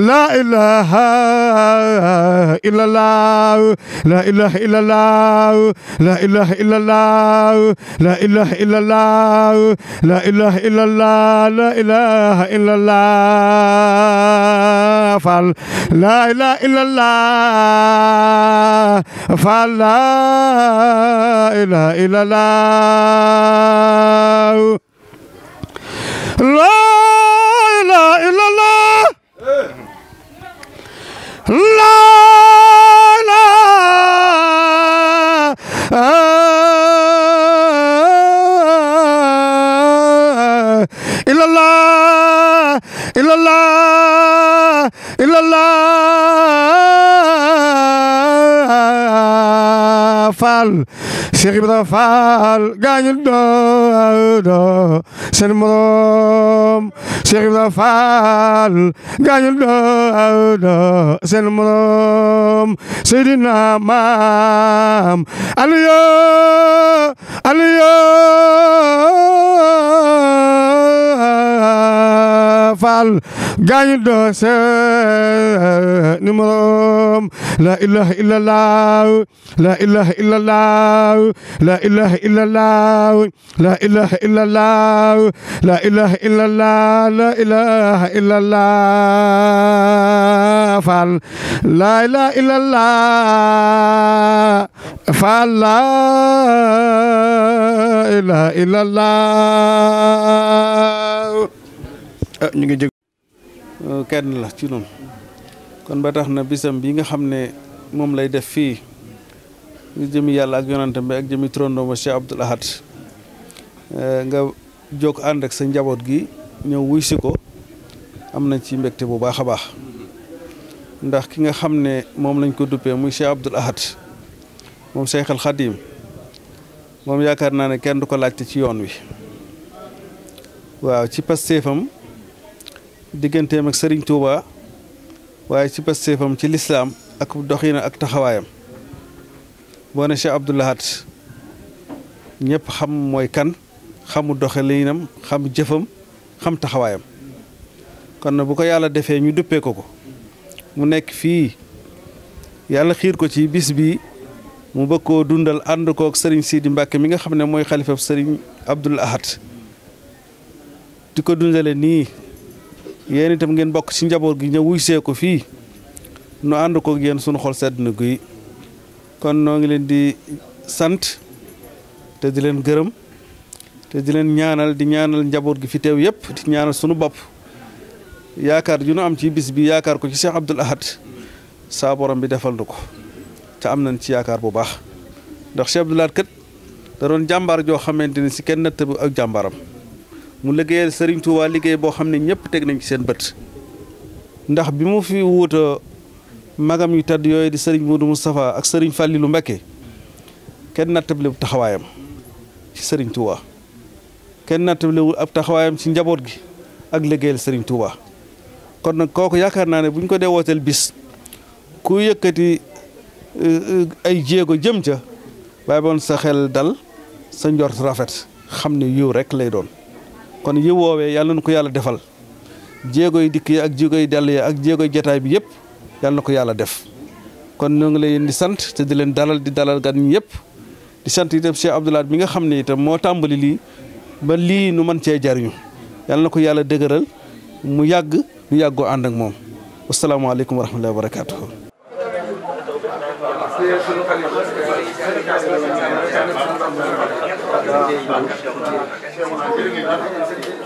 لا إله إلا الله لا إله إلا الله لا إله إلا الله لا إله إلا الله لا إله إلا الله لا إله إلا الله فال لا إله إلا الله فال لا إله إلا الله لا إله إلا الله illallah illallah illallah Fall Cheikh Ibrahima Fall gaañu doo doo seen morom Cheikh Ibrahima Fall gaañu doo doo seen morom Seydina maam Aliou Aliou faal gaañu doose numéro la ilaha illallah la la ilaha illallah la la ilaha illallah la ilaha illallah faal la ilaha illallah faal la ilaha illallah Ah, ñu ngi jég euh, kenn la ci noonu kon ba tax na bisam bi nga xam ne moom lay def fii jëmi yàlla ak yonantam bi ak jëmi trondom ba Cheikh Abdoul euh, nga jokk ànd ak sa njaboot gi ñëw wuy si ko am nañ ci mbégte bu baax a baax ndax ki nga xam ne moom lañ ko duppee muy Cheikh Abdoul Ahad moom Cheikh al Khadim moom yaakaar naa ne kenn du ko laajte ci yoon wi waaw ci pastéefam digganteem ak sëriñ Touba waaye ci pasteefam ci lislaam ak doxina ak taxawaayam boo ci Cheikh Abdou ñépp xam mooy kan xamu doxalinam xam jëfam xam taxawaayam kon na bu ko yàlla defee ñu duppee ko ko mu nekk fii yàlla xiir ko ci bis bi mu bëgg koo dundal ànd kook sëriñ Sidi Mbacke mi nga xam ne mooy xalifab Serigne Abdoul Ahad di ko dundale nii yéen tam ngeen bokk ci njaboot gi ñëw wuy see ko fii nu ànd ko yéen sunu xol sedd na guy kon noo ngi leen di sant te di leen gërëm te di leen ñaanal di ñaanal njaboot gi fi teew yëpp di ñaanal sunu bopp yaakaar ju nu am ci bis bi yaakaar ko ci Cheikh Abdoul Ahad saa borom bi defal na ko te am nañ ci yaakaar bu baax ndax Cheikh Abdoul Ahad kat da doon jàmbaar joo xamante ni si kenn natt ak jàmbaaram. mu liggéeyal Serigne Touba liggéey boo xam ne ñëpp teg nañ ci seen bët ndax bi mu fi wuuta magam yu tedd yooyu di Serigne Modou Moustapha ak Serigne Fallilou Mbacké kenn nattable taxawaayam ci Serigne Touba kenn nattable ab taxawaayam ci njaboot gi ak liggéeyal Serigne Touba kon nag kooku yaakaar naa ne bu ñu ko dee wooteel bis ku yëkkati eh, ay jéego jëm ca bàyyi bon sa xel dal sa njort rafet xam ne yiw rek lay doon. kon yi woowee yàlla na ko yàlla defal jéego yi dikk yi ak jéego yi dellu yi ak jéego yi bi yëpp yàlla na ko yàlla def kon ñoo ngi leen di sant te di leen dalal di dalal gan yépp di sant itam Cheikh Abdoul Ahad bi nga xam ne itam moo tàmbali lii ba lii nu mën cee jariñu yàlla na ko yàlla dëgëral mu yàgg ñu yàggoo ànd ak moom asalaamaaleykum wa rahmatullahi wa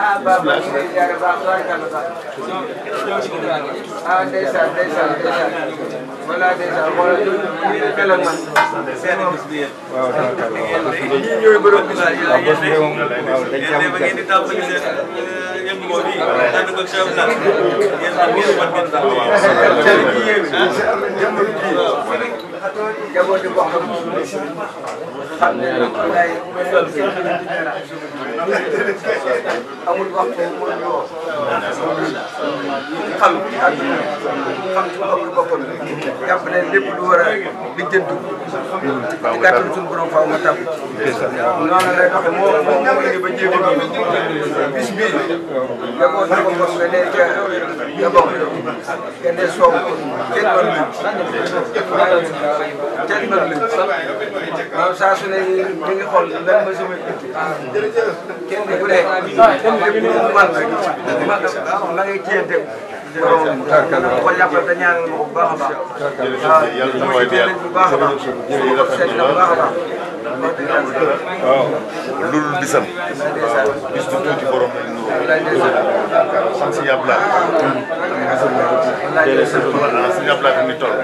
ah Ba Ba ñu ngi lay ziar Ba Ba Kalla Ba. ah ndeysaan ndeysaan ndeysaan. voilà ndeysaan wala ñu ngi mel ak man. waaw waaw waaw. ñi ñooy borom bis yi. waaw bés bi moom waaw dañ cee am gàtt. jabooti gox la moom xam ne amul waxtu mu ñu woo xam ci àdduna xam ci bopp boppam jàpp ne lépp lu war a lijjanti ci kàttan suñu borom faaw nga tàmm noonu lay doxe moo moo indi ba jéego bi bis bii nga ko na ko nga ne ca nga bokk nga ne soow kenn mën lu kenn mën lu maanaam saa su ne ñu ngi xool lan ma sama kenn ku ne la ngay jiyante borom ko jàppal te ñaan bu baax a baax. yàlla na mooy bien bu baax a baax. waaw loolu bisam. bis du tuuti borom la ñu. sant si yàlla. jërëjëf sant yàlla ni toll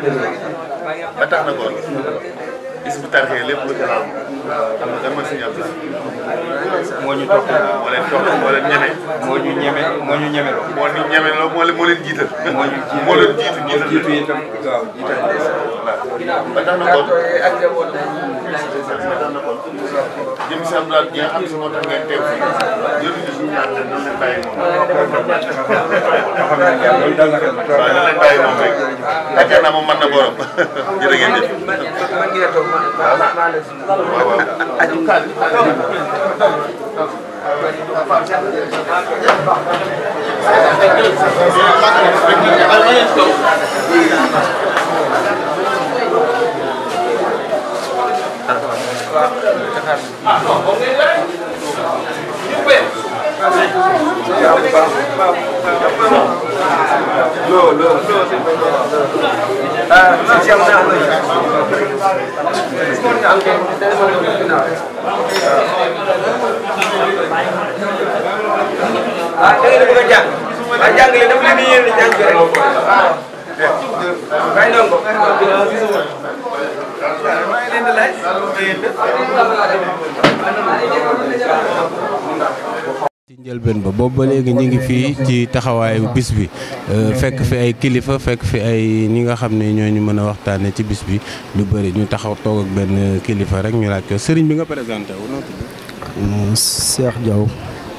ba tax na ko. is bu tarxee lépp lu ca laal xam nga dama signal bi moo ñu topp moo leen topp moo leen ñeme moo ñu ñeme moo ñu ñeme loo moo leen jiital moo ñu jiital moo leen jiital jiitu itam jiital ba tax na kon jëm si Abdou Lahad gi nga xam ne moo tax ngeen teew fii jërëjëf suñu ñaan la nan leen bàyyi moom. waaw nan leen bàyyi moom rek. yaakaar naa moom mën na borom jërë ngeen jëf. waaw waaw. waaw taxaar loo loo ah non si am naa looy. ah dëgg la bu nga jàng. ah jàngale dafa leen di yéen a jàng rek. ci njëlbeen ba boobu léegi ñu ngi fii ci taxawaayu bis bi euh, fekk fi ay kilifa fekk fi ay ni nga xam ne ñoo ñu mën a waxtaanee ci bis bi lu bari ñu taxaw toog ak benn kilifa rek ñu laaj ko sëriñ bi nga présenté wu noo tudd.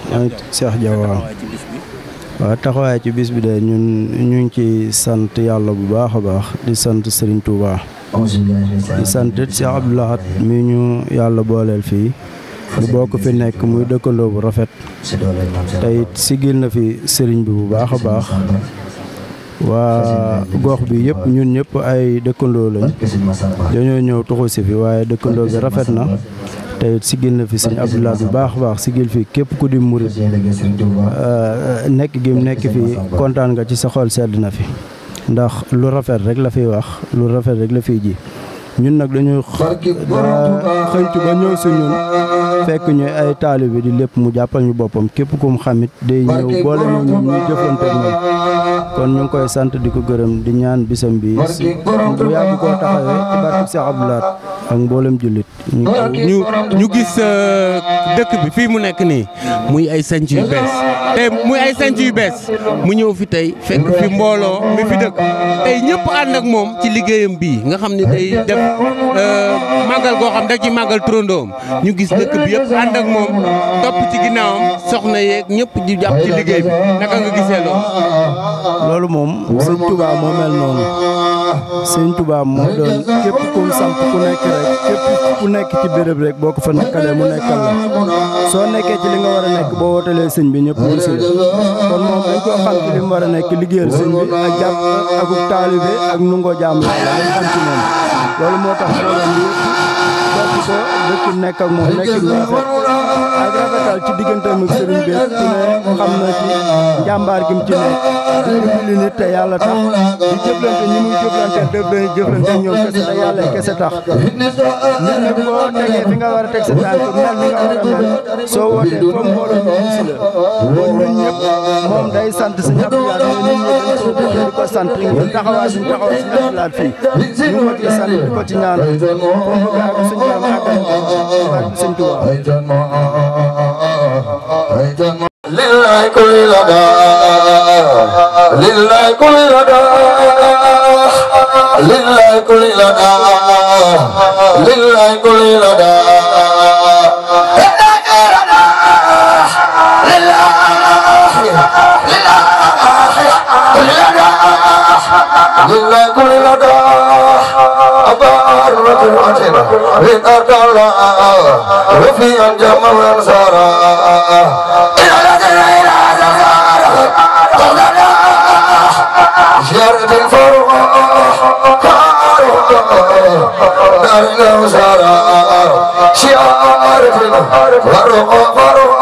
Euh, Cheikh waaw taxawaay ci bis bi de ñun ñu ngi ciy sant yàlla bu baax a baax di sant Serigne Touba. di sant Cheikh Abdou Lahad mi ñu yàlla booleel fii. di bokk fi nekk muy dëkkandoo bu rafet. tey sigil na fi sëriñ bi bu baax a baax. waa gox bi yëpp ñun ñëpp ay dëkkandoo lañ. dañoo ñëw tuxu fi waaye dëkkandoo bi rafet na. tey sigil na fi sëñ Abdoulaye bu baax a baax sigil fii képp ku di murit euh, nekk gi mu nekk fi kontaan nga ci sa xol sedd na fi ndax lu rafet rek la fiy wax lu rafet rekk la fiy ji ñun nag dañuy xëytu ba ñëw si ñun fekk ñuy ay taalibe di lépp mu jàppal ñu boppam képp ku mu xamit day ñëw boole ñu ñu jëfante ak kon ñu ngi koy sant di ko gërëm di ñaan bisam bi bu yàgg koo taxawee ci barke Cheikh Abdou Lahad ak mboolem jullit ñu ñu gis euh, dëkk bi fii mu nekk nii muy ay sanc yu bees tey muy ay sanc yu bees mu ñëw fi tey fekk fi mbooloo mi fi dëkk tey ñëpp ànd moom ci liggéeyam bii nga xam ne day def euh, màggal goo xam da ci màggal turandoom ñu gis dëkk bi yëpp ànd moom topp ci ginnaawam soxna yeeg ñëpp di ci liggéey bi naka nga gisee loolu loolu moom sëñ Touba moo mel noonu sëñ Touba moo kum samp ku nekk rek képp ku nekk ci béréb rek boo ko fa nekkalee mu nekkal la soo nekkee ci li nga war nekk boo wootalee sëñ bi ñëpp wuy si kon moom dañ ci li mu a nekk liggéeyal sëñ bi ak jàpp ak taalibe ak nungoo ci moom loolu moo tax moo doon yëpp bokk ko nekk moo moom nekkin bu daal ci digganteem ak sëriñ bi ku ne xam na mu ci ne yàlla tax di jëflante ñi muy jëflante def dañuy jëflante ñoom kese te yàlla kese tax nit nag boo tegee fi nga war a teg sa tànk mel ni nga war a mel soo wootee comme mbooloo ñu gis la kon ñun ñëpp moom day sant si ñàpp yaat ñun ñun ñëpp suñu bëggee di ko sant ngir taxawaay suñu taxawaay si ñàpp yaat fii ñu ko ci sant di ko ci ñaanal foofu gaa ak suñu jaam àggal ak suñu tubaab لله كل لدى لله كل لدى لله كل لدى لله كل لدى لله لله لله كل لدى أبارة الأجنة من أدلى وفي الجمع والزرى زيارة الفرق دار الأوزار شعار فرق فرق فرق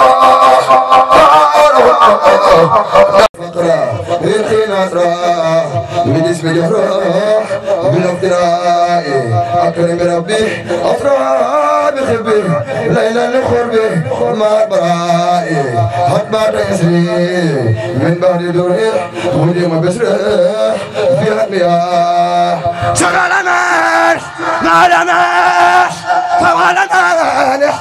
بالنسبة لفراح بالافتراء أكرم ربي أفراح بخبر ليلة لخربي مع برائي حتى تأسري من بعد دوري واليوم بسرح في المياه شغل ماش نال ماش فوال مالح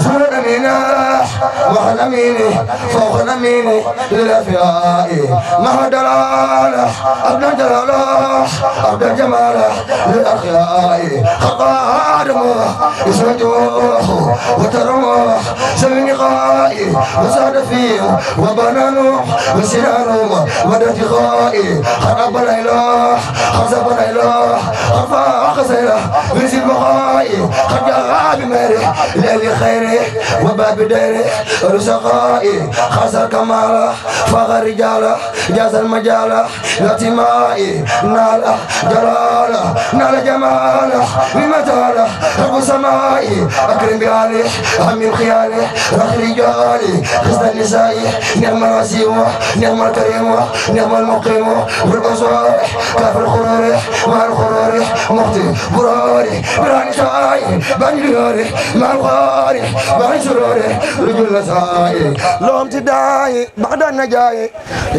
سرد مناح وحن ميني فوق ميني للافراء مهد العالح ابن جلالاح ابن جمالاح للاخياء خطا دموح اسم جوح وترمح سمي غائي وزاد فيه وبنى نوح وسنانهم ودت غائي خرب الاله خزب الاله خفا خزيله بنزل بغائي رزقائي خجاها بميري ليل خيري وباب ديري رزقائي خسر كماله فغر رجاله جاز المجاله لاتمائي ناله جلاله نال جماله بمتاله رب سمائي أكرم بعاله همي خياله رخ رجالي خزن النسائي نعم الوسيمة نعم الكريمة نعم المقيمة بالبصائح كاف الخرارح مع الخرارح مقتل براري براني ساي بني ريوري ما غاري بني سروري رجل ساي لوم تداي بعد النجاي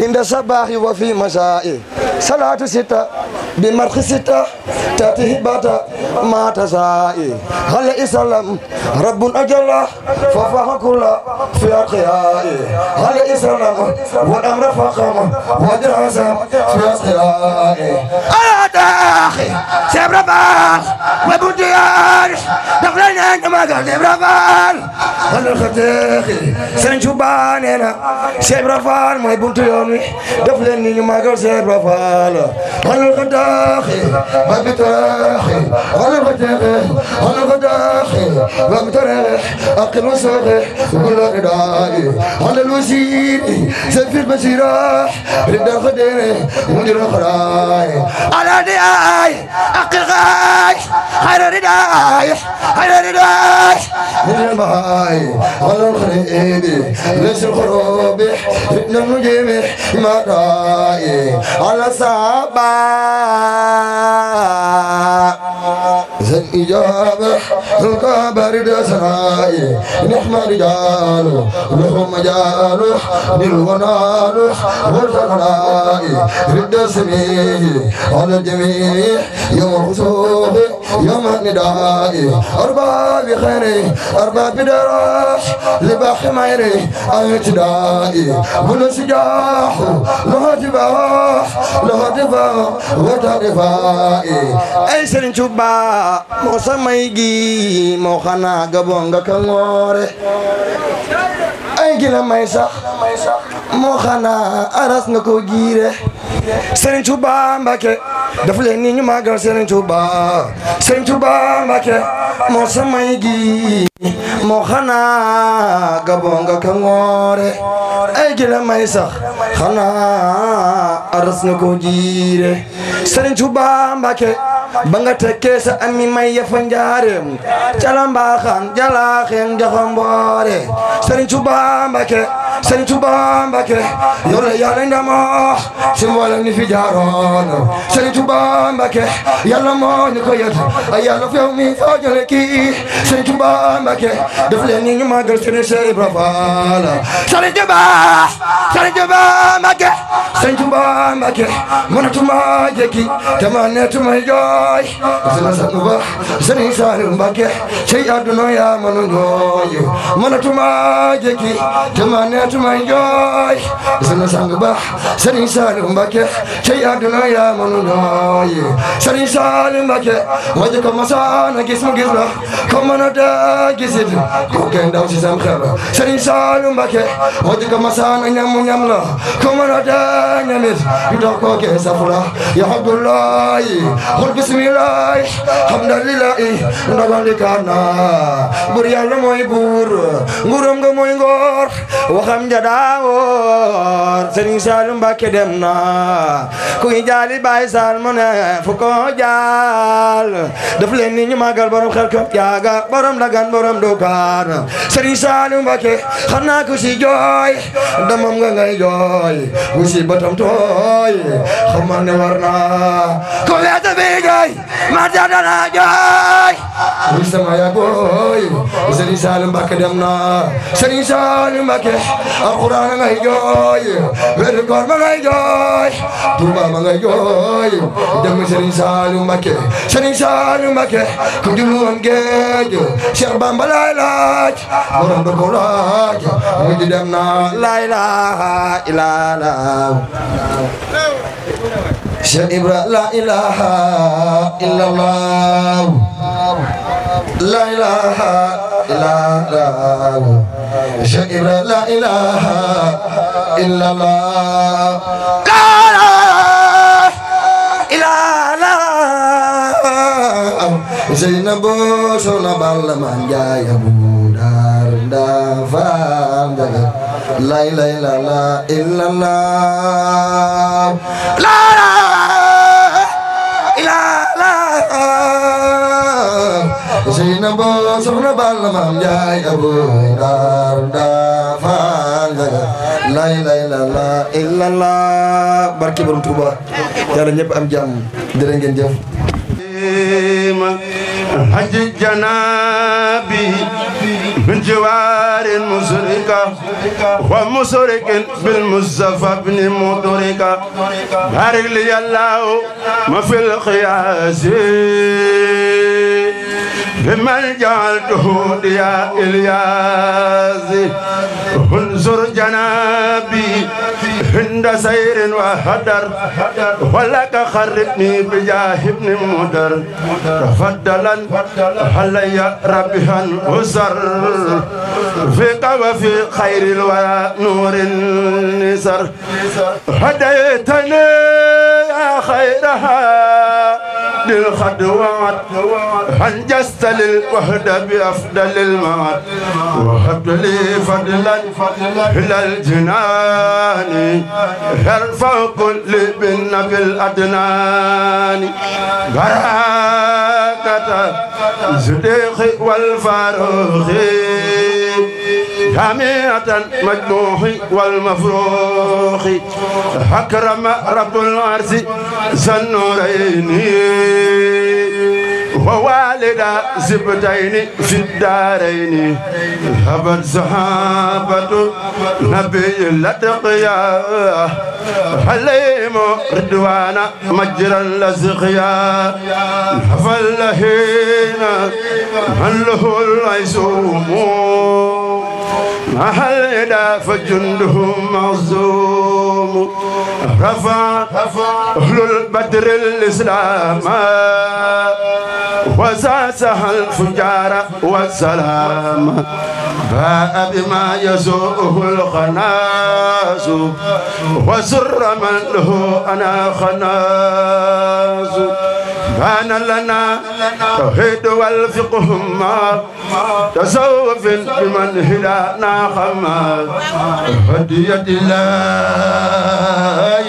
عند الصباح وفي مسائي صلاة ستة بمرخ ستة تاتي باتا ما تسائي هل إسلام رب أجل ففاه كل في أقيائي هل إسلام والأمر فقام ودراسة في أقيائي ألا داخي سيبرا باخ وبديائي Fall ndax lay nañ magal Ibra Fall wala xateexi Sëriñ Tuuba nee na Cheikh Ibra Fall mooy buntu yoon wi def leen ni ñu magal Cheikh Ibra Fall wala xateexi wa bitaxi wala xateexi wala xateexi wa bitaxi aqil wasaxi kulla idaali wala lwasiri safir basira ridda xadere mudira xaraay ala di ay aqil xaay xayra ridaa الداعي على الداعي من الماي على الخريب ليس الخروب فتن النجيم مراي على صعبه زن إجابة تلقى برد سنائي نحن رجال لهم مجال بالغنال والفقراء رد سميه على الجميع يوم الخصوم يوم النداء أربع بخير أربع بدراش لباح ميري اعتدائي بل سجاح لها جباح لها دفاع وترفائي أي سنة ba moo samay gi moo xanaa gabon nga ka ngoore ay gi may sax moo xanaa aras nga ko giire Serigne Touba Mbacké daf leen ni ñu màggal Serigne Touba Serigne Touba Mbacké moo samay gi moo xanaa gabon nga ka ngoore ay gi may sax xanaa aras nga ko giire Serigne Touba Mbacké ba nga tekkee sa ami may ya fa njaareem cala mbaaxaan jalaaxeen joxo mboore Sëriñ Tuubaa Mbàkke yow la yàlla ndama si mboolem ni fi jaaroon Sëriñ Tuubaa Mbàkke yàlla moo ñu ko yët ay yàlla feew mi foo jële kii Sëriñ Tuubaa Mbàkke def leen ni ñu màggal Sëriñ Cheikh Ibra Fall Sëriñ Tuubaa Sëriñ Tuubaa Mbàkke Sëriñ Tuubaa Mbàkke mënatuma jekki te ma neetuma jooy sëriñ Sanu Ba Sëriñ Saliou Mbàkke ci àdduna yaa mënu jooy mënatuma jekki te ma neetu may jooy sunu sang ba Serigne Saliou Mbacké ci àdduna yaa mënu jooy Serigne Saliou Mbacké waje ko masaana gis mu gis la ko mën a daa gisit ko kenn daw si sam xel Serigne Saliou Mbacké waje ko masaana ñam mu ñam la ko mën a daa ñamit du dox ko ke safula ya Abdullahi xul bismillahi alhamdulillahi ndogal li kaana bur yàlla mooy buur nguuram nga mooy ngoor wax xam ja daa woor sëriñ Saalu Mbàkke dem na kuy jaali Baay Saal mu ne fu leen ni ñu màggal borom xel ko yaaga borom dagan borom dokaan sëriñ Saalu Mbàkke xam naa ku si jooy damam nga ngay jooy ku si batam tooy xam ma ne war naa ku weeta bi jooy ma jadana jooy ku sama ya booy sëriñ Saalu Mbàkke dem na sëriñ Saalu Mbàkke a ngay jooy weeru koor ma ngay jooy Tuuba ma ngay jooy dem Serigne Saliou Mbacké Serigne Saliou Mbacké ku jul woon géej Cheikh Bamba laay laaj borom da ko laaj mu ji dem na laa ilaaha illallaah Cheikh Ibra la ilaha illallah la ilaha illallah Cheikh Ibra la ilaha illallah Zainabu sona balla man jaya budar da fan la ilaha illallah illallah la na boo soxna bal la maam njaay abu daar daa faal njaga lay lay la la illa la barke borom Tuuba yàlla ñëpp am jàmm jërë ngeen jëf حج جنابي من جوار مسرقة ومسرق بالمصطفى بن مدركة بارك لي الله ما في القياس بمن جعلته يا إلياس انظر جنابي هند سير وهدر ولك خربني بجاه ابن مدر تفضلا علي ربها أسر فيك وفي خير الورى نور النسر هديتني يا خيرها للخدوات هنجست للوحدة بأفضل المواد وهبت لي فضلا إلى الجنان ارفع كل بن بالأدنان بركة الصديق والفاروق حمية مجموح والمفروخ أكرم رب العرش ذا النورين ووالدا زبتين في الدارين هبت صحابة نبي الاتقيا حليم رضوان مجرى الازقيا فالهين من له العزوم أهل فجنده معزوم رفع أهل البدر الإسلام وساسها الفجار والسلام باء بما يسوءه الخناس وسر من له أنا خناس كان لنا توحيد والفقه ما تصوف بمن هدانا خما هدية الله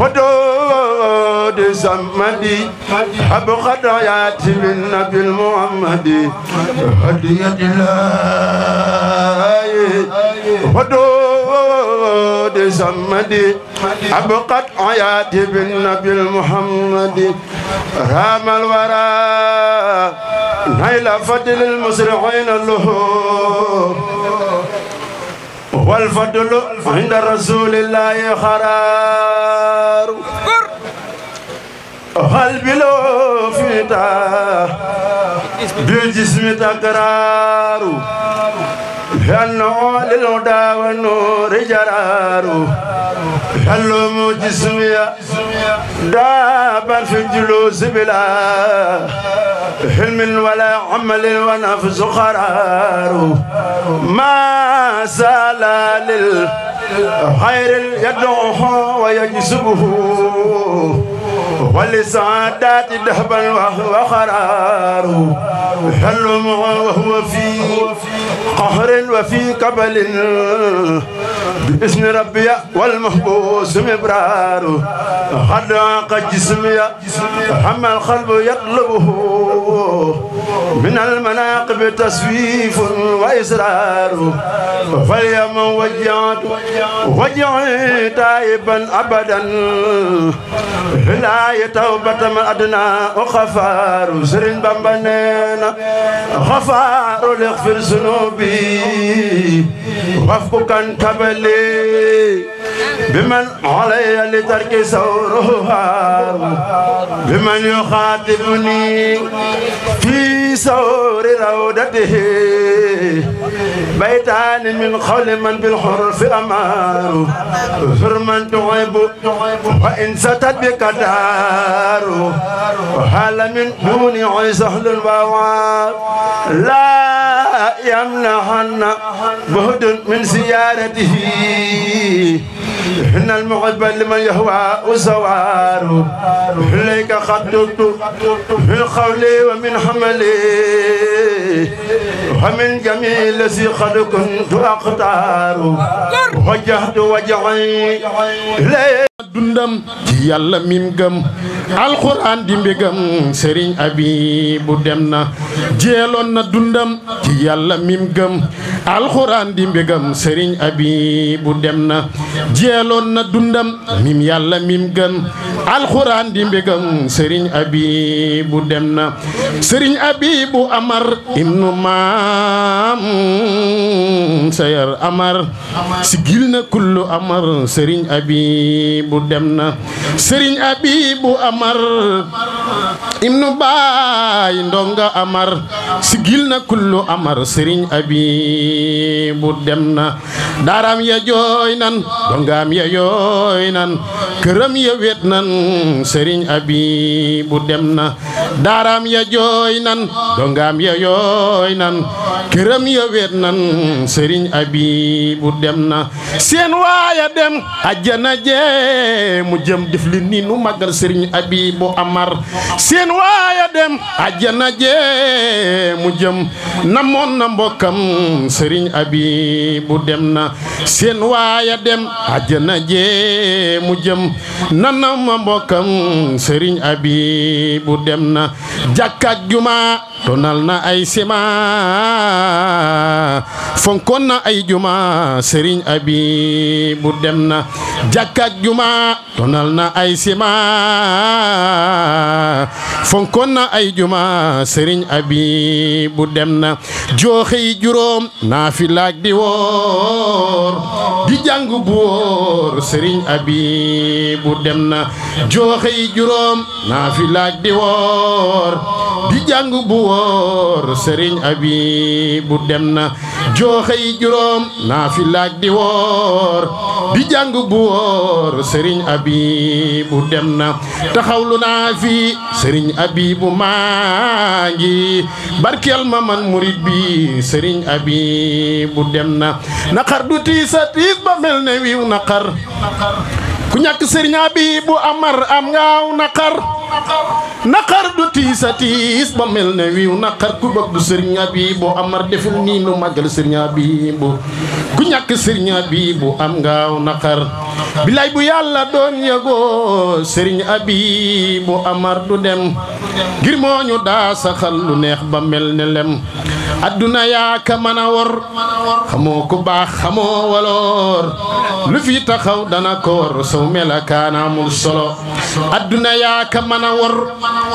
ودود سمدي حب خطاياتي بالنبي المحمدي هدية الله ودود الوود سمدي أبقت حياتي بالنبي المحمد رام الورى نيل فضل المسرحين له والفضل عند رسول الله خرار قلبي لو فيتا بالجسم تكرار أنه للهدى والنور جرار هلوم جسمي دابا في الجلوس بلا حلم ولا عمل ونفس قرار ما زال للخير يدعوه ويجسبه ولسعادات دهبا وهو قرار حلمه وهو في قهر وفي كبل باسم ربي والمحبوس مبرار غداق جسمي هم القلب يطلبه من المناقب تسويف وإسرار فاليوم وجعت وجعي تائبا أبدا لا توبة ما أدنى أخفار سرين بمبنين غفار حاول يغفر ذنوبي وفقك انت بلي بمن علي لترك سورها بمن يخاطبني في سور روضته بيتان من قول من بالحرف أمار فرما تعب وإن ستت بك دار وهل من دون عزهل ووار لا يمنعن بهد من زيارته إن المحب لمن يهوى الزوار إليك خطبت من قولي ومن حملي ومن جميع الذي قد كنت أقدار وجهت وجهي إليك dundam ci yàlla mim gëm alxuraan di mbégam sëriñ abi bu dem na jeeloon na dundam ci yàlla mim gëm alxuraan di mbégam sëriñ abibu dem na jeeloon na dundam mim yàlla mim gën alxuraan di mbégam sëriñ abibu dem na sëriñ abibu amar ibnu maam sayar amar sigil na kullu amar sëriñ abibu dem na sëriñ abibu amar ibnu baay ndonga amar sigil na kullu amar sëriñ abibu bu dem na daaram ya jooy nan dongaam ya jooy nan këram ya wet nan sëriñ abi dem na daaram ya jooy nan dongaam ya jooy nan këram ya wet nan sëriñ abi dem na seen waaya dem ajjana jee mu jëm def li ni nu magal sëriñ abi amar seen waaya dem ajjana jee mu jëm namoon na mbokkam sëriñ abibu dem na seen waaya dem àjjana jee mu jëm nanam ma mbokkam sëriñ abibu dem na jàkkaak juma tonal na ay sima fonkon na ay juma sëriñ Abibu dem na jàkkaak juma tonal na ay sima fonkon na ay juma Serigne Abibu dem na jooxey juróom naafilaak di woor di jàng bu wóor Serigne Abibu dem na jooxey juróom naafilaak di woor di jàng bu wóor sëriñ abi dem na jooxey juróom naafilaak di woor di jàng bu wóor sëriñ abi bu dem na taxawlu naa fi sëriñ abi bu maa barkeel ma man murit bi sëriñ abi bu dem na naqar du tiisa tiis ba mel ne wiiw naqar ku ñàkk sëriñ abi amar am ngaaw naqar naqar du tiisa tiis ba mel ne wiiw naqar ku bëgg du sëriñ Abibu amar deful nii nu sëriñ Abibu ku ñàkk sëriñ Abibu am ngaaw naqar yàlla doon yëgoo sëriñ Abibu amar du dem ngir moo ñu daa lu neex ba mel ne lem adduna yaaka mën a wor xamoo ku baax xamoo waloor lu fi taxaw dana ko wor sow melakaana amul solo adduna yaaka mën mën a wor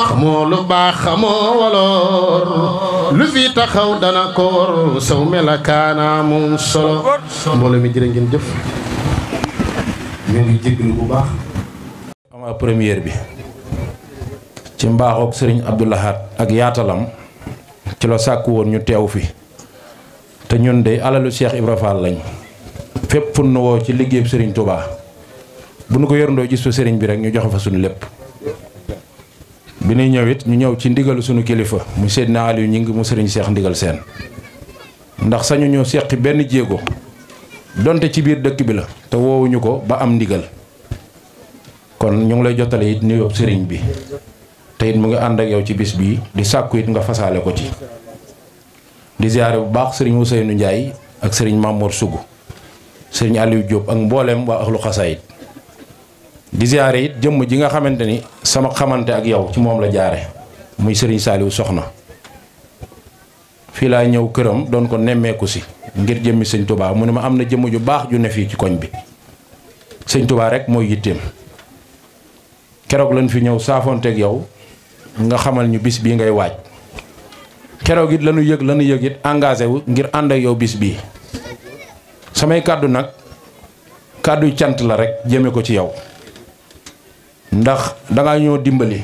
xamoo lu baax xamoo waloor lu fi taxaw dana ko wor saw melakaana moom solo mbooloo mi jërë ngeen jëf ñu ngi jéglu bu baax ama première bi ci mbaaxoog sëriñ Abdou ak yaatalam ci la sàkk woon ñu teew fi te ñun de alalu Cheikh Ibra Fall lañ fépp fu nu woo ci liggéeyub sëriñ Touba bu nu ko yorandoo gis fa sëriñ bi rek ñu joxe fa suñu lépp bi ñuy ñëw it ñu ñëw ci ndigalu suñu kilifa mu Seydina Aliou ñi ngi mu sëriñ seex ndigal seen ndax sañu ñu seqi benn jéego donte ci biir dëkk bi la te woowuñu ko ba am ndigal kon ñu ngi lay jottale it nuyoo sëriñ bi te mu ngi ànd ak yow ci bis bii di sàkku it nga fasaale ko ci di ziare bu baax sëriñ Ousseynou Ndiaye ak sëriñ Mamour Sougou sëriñ Aliou Diop ak mbooleem waa axlu xasaayit di ziare it jëmm ji nga xamante ni sama xamante ak yow ci moom la jaare muy Serigne Saliou Soxna fii laa ñëw këram doon ko nemmeeku si ngir jëmmi sëñ tubaa mu ne ma am na jëmm ju baax ju ne fii ci koñ bi sëñ tubaa rek mooy yitteem keroog lañ fi ñëw saafoonteeg yow nga xamal ñu bis bii ngay waaj keroog it lanu yëg lañu yëg it engagé ngir ànd ak yow bis bii samay kàddu nag kàddu cant la rek jëme ko ci yow. ndax danga ñoo dimbali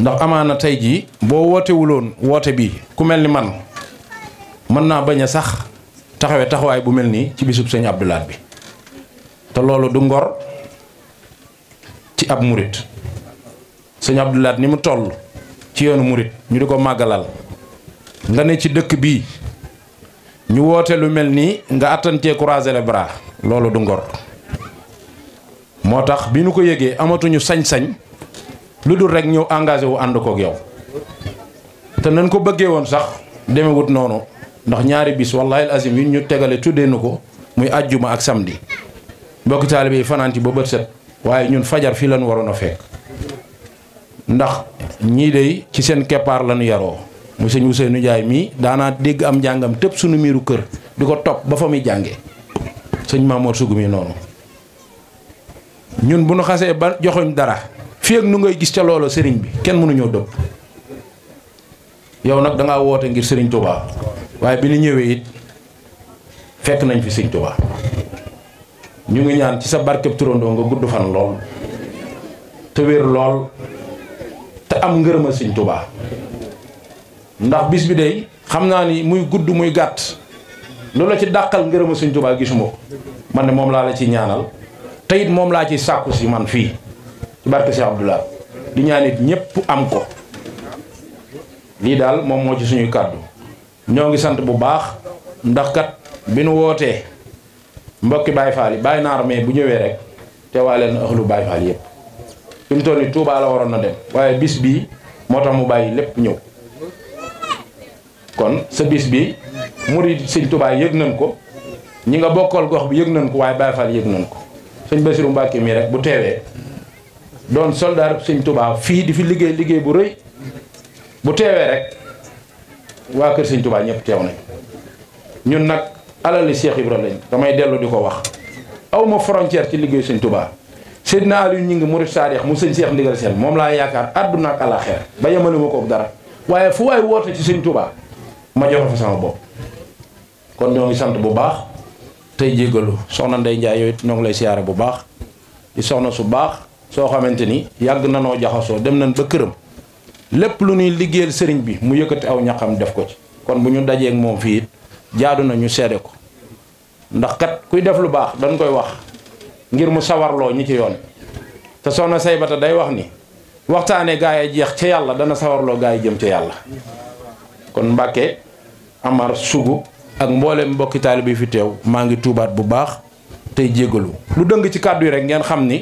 ndax amaana tey jii boo wootewuloon woote bi ku mel ni man mën naa bañ a sax taxawe taxawaay bu mel nii ci bisub sëñ Abdou bi te loolu du ngor ci ab murit sëñ Abdou ni mu toll ci yoonu murit ñu di ko màggalal nga ne ci dëkk bii ñu woote lu mel nii nga attantee croiser les bras loolu du ngor moo tax bi nu ko yëgee amatuñu sañ-sañ lu dul rek ñëw engage wu ànd kook yow te nañ ko bëggee woon sax demewut noonu ndax ñaari bis wallahi al azim yi ñu tegale tuddee nu ko muy àjjuma ak samedi mbokki taalibe yi fanaan ci ba bët set waaye ñun fajar fii lañu waroon a fekk ndax ñii de ci seen keppaar lañu yaroo mu sëñ nu jaay mii daanaa dégg am njàngam tëb suñu miiru kër di ko topp ba fa muy jànge sëñ Mamour Sougou mi noonu ñun bu nu xasee ba joxuñ dara fii ak nu ngay gis ca loolu sëriñ bi kenn mënuñoo dëpp yow nag danga woote ngir sëriñ Touba waaye bi ñu ñëwee it fekk nañ fi sëriñ Touba ñu ngi ñaan ci sa barkeb turandoo nga gudd fan lool te wér lool te am ngërëma sëriñ Touba ndax bis bi day xam naa ni muy gudd muy gàtt lu la ci dàqal ngërëma sëriñ Touba gisuma ko man ne moom laa la ci ñaanal te it moom laa ci sàkku si man fii ci barke Cheikh Abdoulaye di ñaan it am ko lii daal moom moo ci suñuy kàddu ñoo ngi sant bu baax ndax kat bi nu wootee mbokki Baye Fall yi Baye Naar mais bu ñëwee rek te na ëxlu Baye Fall yëpp fi mu toll nii Touba la waroon na dem waaye bis bii moo tax mu bàyyi lépp ñëw kon sa bis bi murid Sëñ Touba yëg nañ ko ñi nga bokkool gox bi yég nañ ko waaye Baye Fall yëg nañ ko. sëñ Basiru Mbàkke mii rek bu teewee doon soldaar sëñ Touba fii di fi liggéey liggéey bu rëy bu teewee rek waa kër sëñ Touba ñëpp teew nañ ñun nag alali Cheikh Ibrahima lañ damay dellu di ko wax aw ma frontière ci liggéey sëñ Touba Seydina Aliou ñu ngi murid saadix mu sëñ Cheikh ndigal seen moom laa yaakaar àdduna ak àllaaxira ba yemale ma ko dara waaye fu waay woote ci sëñ Touba ma joxe fa sama bopp kon ñoo ngi sant bu baax tey jégalu soxna Ndey Njaay yooyu ñoo ngi lay siyaare bu baax di soxna su baax soo xamante ni yàgg na jaxasoo dem nañ ba këram lépp lu ñuy liggéeyal sëriñ bi mu yëkkati aw ñaxam def ko ci kon bu ñu dajeeg moom fii it jaadu na ñu seede ko ndax kat kuy def lu baax dañ koy wax ngir mu sawarloo ñi ci yoon te soxna saybata day wax ni waxtaane gaay yi jeex ca yàlla dana sawarloo gaay yi jëm ca yàlla kon Mbàkke Amar Sugu ak mboolem mbokki taalib yi fi teew maa ngi tuubaat bu baax tey jéggalu lu dëng ci kàddu yi rek ngeen xam ni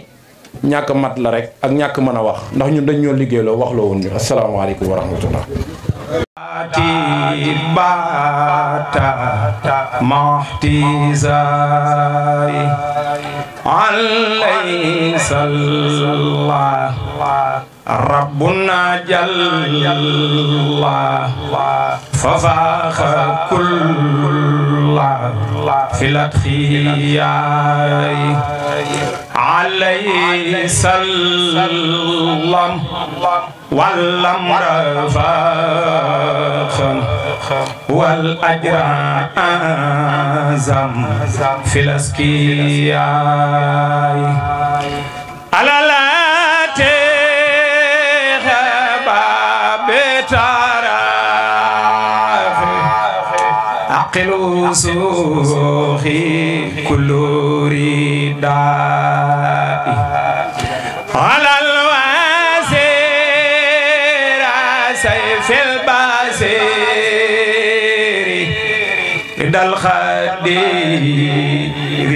ñàkk mat la rek ak ñàkk mën a wax ndax ñun dañ ñoo liggéeyloo wax loo woon ñu asalaamaaleykum wa rahmatullah ربنا جل الله ففاخ كل في الأتخياء عليه سلم والأمر فاخم والأجر أعظم في الأسكياء عقل سوخي كل رداء على الوزير سيف البصير رضا الخدير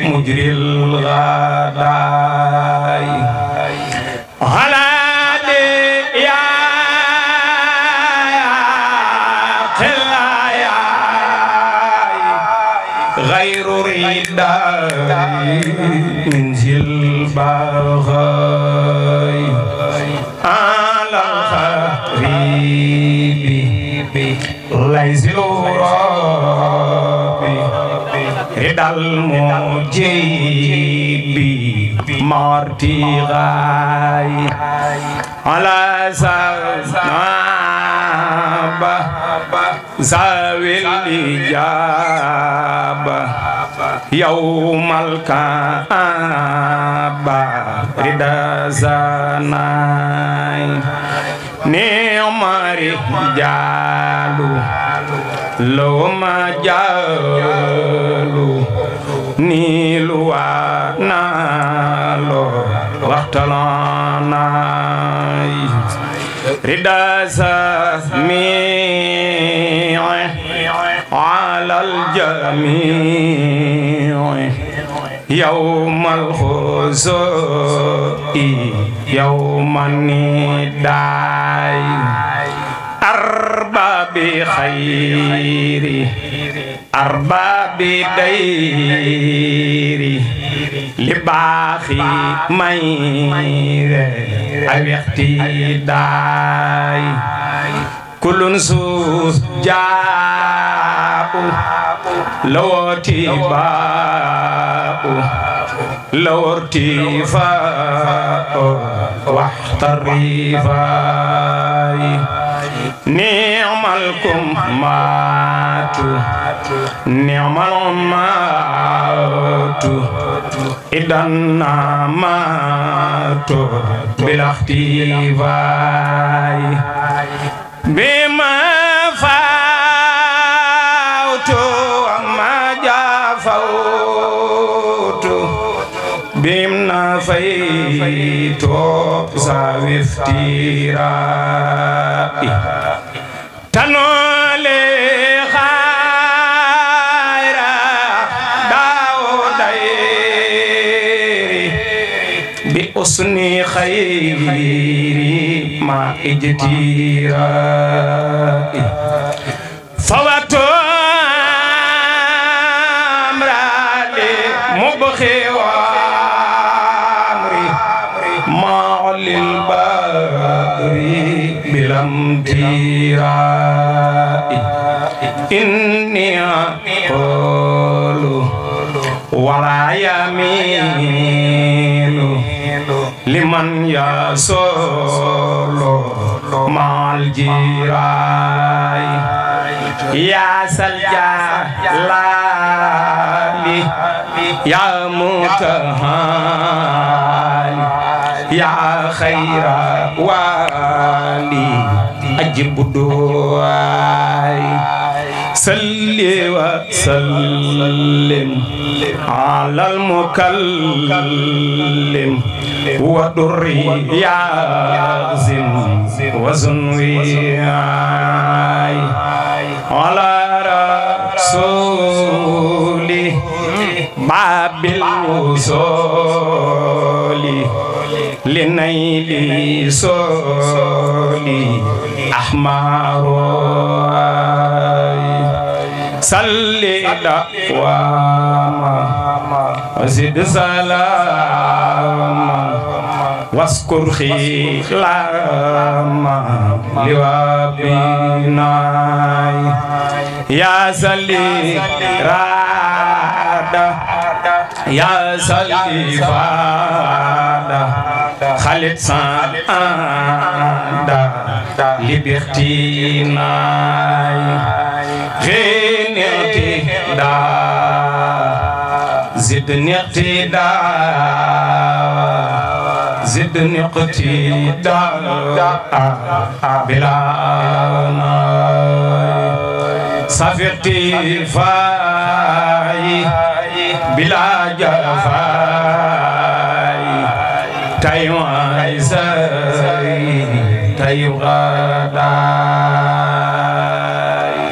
مجري الغداء dal mu jeebi marti gaay ala sababa zawil ijaba yawmal kaaba rida zanay لو ما جالو نيلو نالو واختلانا ردا سميع على الجميع يوم الخزوء يوم النداء أرباب خير أرباب دير لباخي مير أو اختداي كل نصوص جاء لو تباء لو ارتفاء واحترفاي ni'mal kummaatu ni'mal ummaatu idan amaatu bilaxtivaay bima faa عافيت سوفتي رائي تنولي خير داودي بأسني خيري ما اجتيرائي فواتو ديرائي إني أقول ولا يمين لمن يصول مع الجيرائي يا سلجلالي يا متهالي يا خير والي أجب الدعاء صلي وسلم على المكلم ودري يعزم وزنوي على رسولي باب الوصول لنيل سولي أحمر صلي دواما وزد سلاما واسكر خلاما لوابيناي يا سلي رادا يا سلي فادا خالد سان آندا لبرتينا غين اعتدا زدني اقتدا زدني اقتدا بلا صفقتي فاي بلا جفاي tayu ay say tayu gadaay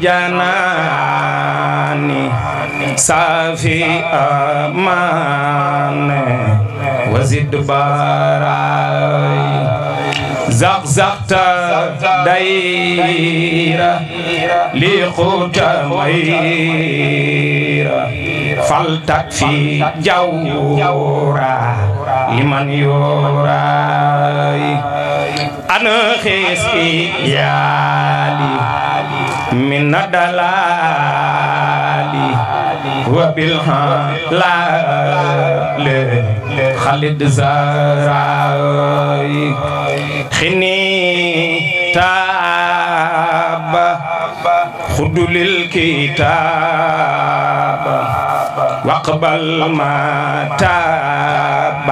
جناني صافي أمان وزد باراي زقزقت دايرة لقوت ميرة فلتكفي جورا لمن يوراي أنا خيسي يالي من دلالي وبالهلال خالد زراي خني تاب خذ للكتاب واقبل ما تاب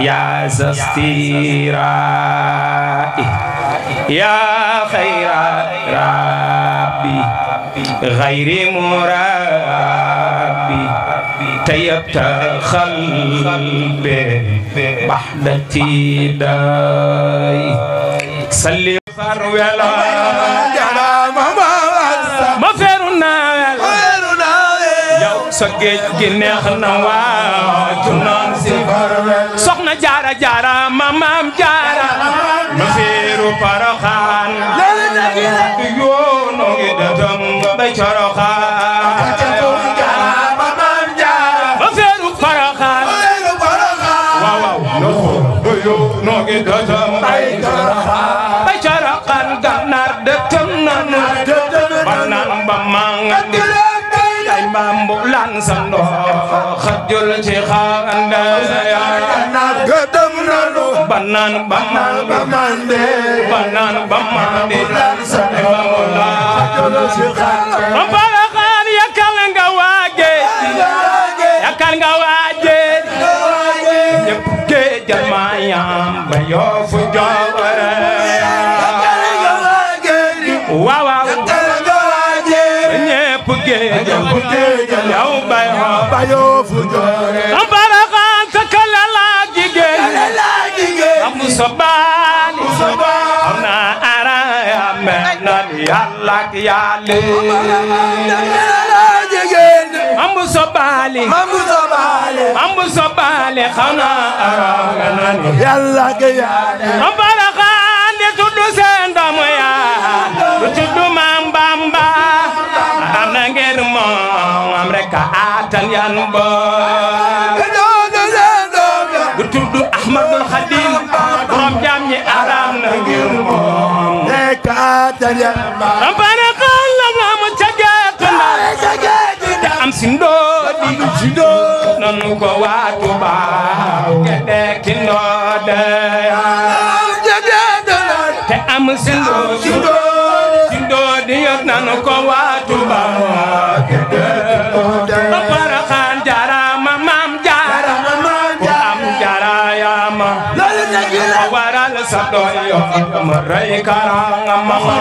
يا زستيرائي يا خير ربي غير مرابي تيبتخل بحدتي داي سلم فرولا sa gi neex na waaw junnoon si barwel soxna jaara jaara ma maam jaara ma fiiru paroxaan yoonu ngi dëtëm ba coroxaan ma fiiru paroxaan waaw waaw sando xajul ci xaarande gëdëm nanu banaan bamande banaan bamande bamulaa sabali na ara menan yàlla ak yàlla mambu sobali mambu sobali mambu sobali xana ara menan yàlla ak tuddu seen doomu ya tuddu mam bamba am na moom am a atan yan bo tuddu ahmadul xadim rampana xaal la maamu ca géej te am si ndoodi nanu ko waa Tuuba gede ki ndoode te am si ndoodi ndoodi yor nanu ko waa yo ray karanga mama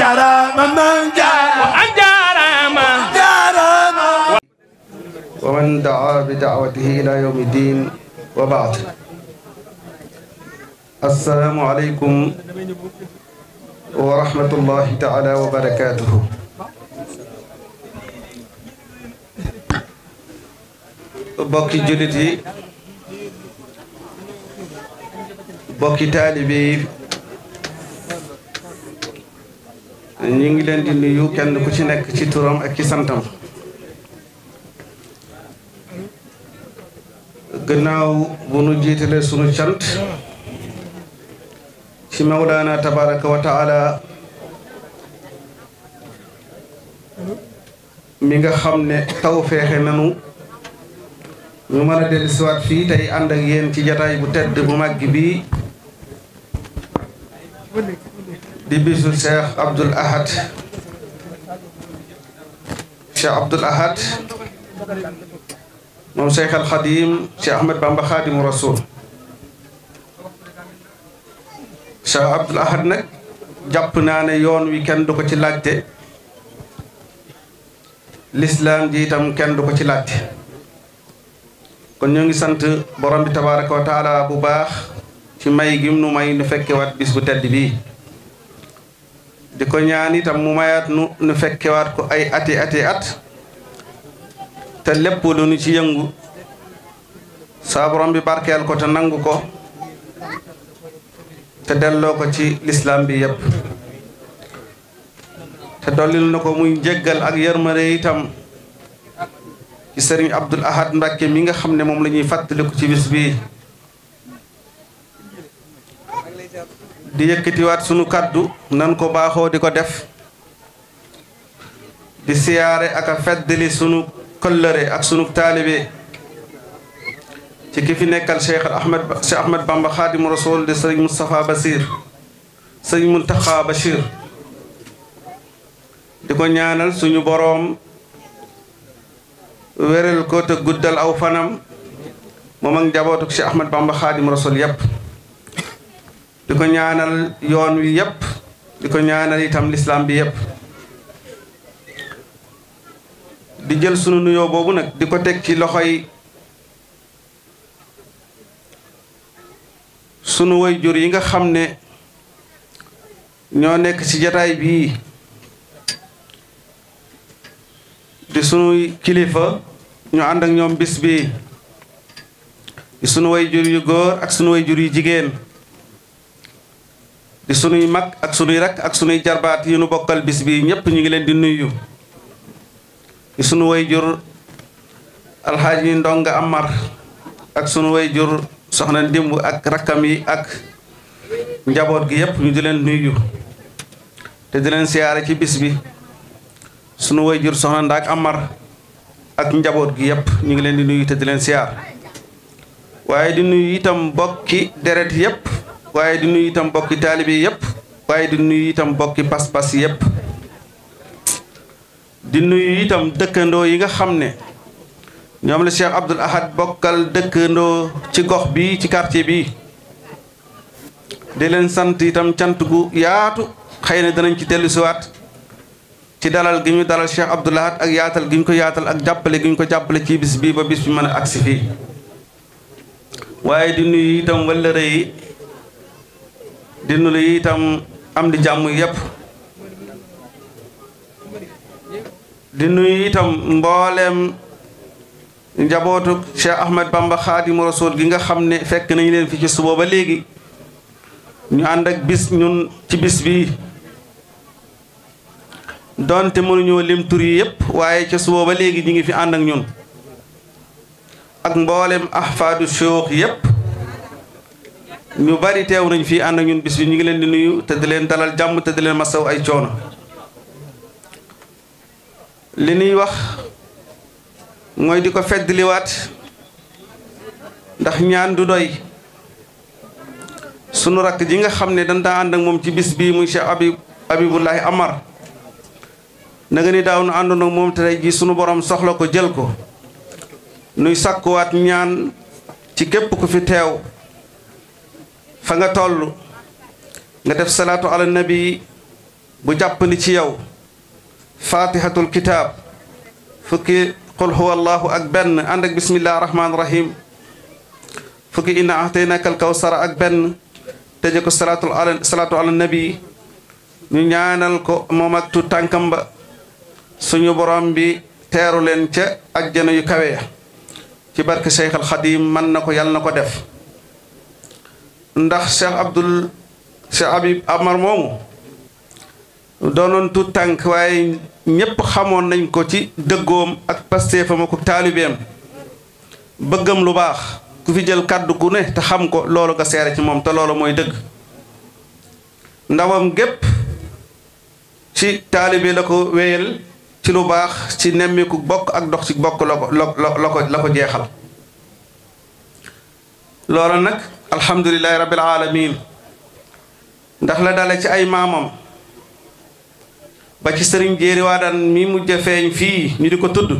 jara mama jara anjara ma jara ma wa man da'a bi da'watihi ila yawmi din wa ba'd assalamu alaykum wa rahmatullahi ta'ala wa barakatuh bokki julit yi bokki taalibe yi ñu ngi leen di nuyu kenn ku ci nekk ci turam ak ci santam gannaaw bu nu jiitale sunu cant ci mawlaana tabaraka wa taala mi nga xam ne taw feexe nanu ñu mën a dellusiwaat fii tey ànd ak yéen ci jataay bu tedd bu màgg bii di bisu Cheikh Abdoul Ahad Cheikh Abdoul Ahad moom Cheikh Al Khadim Cheikh Ahmed Bamba Khadimu Rasul Cheikh Abdoul Ahad nag jàpp naa ne yoon wi kenn du ko ci laajte lislaam ji itam kenn du ko ci laajte kon ñoo ngi sant borom tabaraka wa bu baax ci may gim nu may nu fekkewaat bis bu tedd bi di ko ñaanitam mu mayaat nu nu fekkewaat ko ay ati at te lépp lu nu ci yëngu saa bi barkeel ko te nangu ko te delloo ko ci lislaam bi yépp te dollil na ko muy jéggal ak yërmande itam ci sëriñ Abdul Ahad Mbàkke mi nga xam ne moom la ñuy fàttaliku ci bis bii di yëkkatiwaat sunu kàddu nan ko baaxoo di ko def di siyaare ak a feddali sunu kollëre ak sunu taalibe ci ki fi nekkal Cheikh Ahmed Cheikh Ahmed Bamba Xaadimu Rasul di sëriñ Moustapha Basir di ko ñaanal suñu boroom wéral ko te guddal aw fanam moom ak njabootu Cheikh Ahmed Bamba Xaadimu Rasul yépp di ko ñaanal yoon wi yépp di ko ñaanal itam lislaam bi yépp di jël sunu nuyoo boobu nag di ko teg ci loxoy sunu waajur yi nga xam ne ñoo nekk ci jataay bii di sunuy kilifa ñu ànd ak ñoom bis bi sunu way jur yu góor ak sunu way jur yu jigéen di sunuy mag ak sunuy rakk ak sunuy jarbaat yu nu bokkal bis bi ñëpp ñu ngi leen di nuyu di sunu way jur alxaaji ndonga amar ak sunu way jur soxna ndimb ak rakkam yi ak njaboot gi yëpp ñu di leen nuyu te di leen siyaare ci bis bi sunu way jur soxna ndaak amar ak njaboot gi yëpp ñu ngi leen di nuyu te di leen siyaar waaye di nuyu itam bokki deret yëpp waaye di nuyu itam bokki taalibe yëpp waaye di nuyu itam bokki pas-pas yëpp di nuyu itam dëkkandoo yi nga xam ne ñoom la Cheikh Abdoul Ahad bokkal dëkkandoo ci gox bi ci quartier bi di leen sant itam cant gu yaatu xëy na danañ ci dellu siwaat ci dalal gi ñu dalal Cheikh Abdoul Ahad ak yaatal gi ñu ko yaatal ak jàppale gi ñu ko jàppale ci bis bii ba bis bi mën a agsi fii waaye di nuyu itam wëllëre yi di nuyu itam am di jàmm yépp di nuyu itam mbooleem njabootu Cheikh Ahmed Bamba Xaadimu Rasuul gi nga xam ne fekk nañu leen fi ci suba ba léegi ñu ànd ak bis ñun ci bis bi donte mënuñoo lim tur yi yépp waaye ca suba ba léegi ñu ngi fi ànd ak ñun ak mboolem ahfaadu Cheikh yépp ñu bari teew nañ fii ànd ak ñun bis bi ñu ngi leen di nuyu te di leen dalal jàmm te di leen masaw ay coono li nuy wax mooy di ko fedd liwaat ndax ñaan du doy sunu rakk ji nga xam ne dañ daa ànd ak moom ci bis bii muy Cheikh abibu Habibullahi Amar na nga ni daaw nu àndoon ak moom te tey jii sunu borom soxla ko jël ko nuy sàkkuwaat ñaan ci képp ku fi teew fa nga tollu nga def salaatu ala nabi bu jàppandi ci yow fatihatul kitaab fukki qul huwa allahu ak benn ànd ak bismillahi rahmaani rahim fukki inna ahtaynaka al kawsara ak benn tëje ko salaatu ala salaatu nabi ñu ñaanal ko moom ak tu tànkam ba suñu borom bi teeru leen ca ajjana yu kawe ci barke Cheikh al Xadim mën na ko yàlla na ko def ndax Cheikh Abdoul Cheikh Habib Amar moomu doonoon tu tànk waaye ñépp xamoon nañ ko ci dëggoom ak pasteefam ak taalibeem bëggam lu baax ku fi jël kàddu gu ne te xam ko loolu nga seere ci moom te loolu mooy dëgg ndawam gépp ci taalibe la ko wéyal ci lu baax ci nemmiku bokk ak dox ci bokk la ko la ko jeexal loola nag alhamdulilahi rabbil alamin ndax la dale ci ay maamam ba ci sëriñ jéeri waadaan mi mujj feeñ fii ñu di ko tudd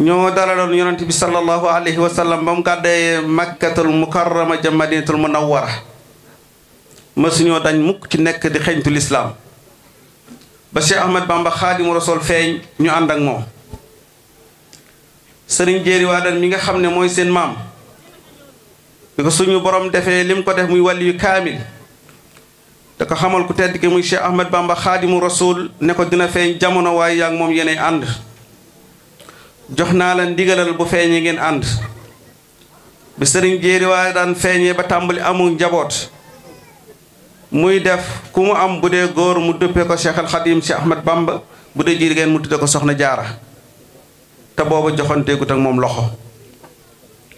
ñoo dalaloon yonent bi sallallahu alayhi wa sallam ba mu gàddee makkatul mukarrama ja madinatul munawwara masuñoo dañ mukk ci nekk di xeñtu lislaam ba Cheikh Ahmed Bamba xaadimu rasul feeñ ñu ànd ak moom sëriñ jéeri waadaan mi nga xam ne mooy seen maam bi ko suñu boroom defee lim ko def muy wàlliyu kaamil da ko xamal ku tedd ki muy Cheikh Ahmed Bamba xaadimu rasul ne ko dina feeñ jamono waaye yaa moom yeneen ànd jox naa la ndigalal bu feeñee ngeen ànd bi sëriñ jéeri waaye daan feeñee ba tàmbali amul njaboot muy def ku mu am bu dee góor mu dëppee ko Cheikh al Xadim Cheikh Ahmed bàmba bu dee ngeen mu tudde ko soxna jaara te booba joxanteegut ak moom loxo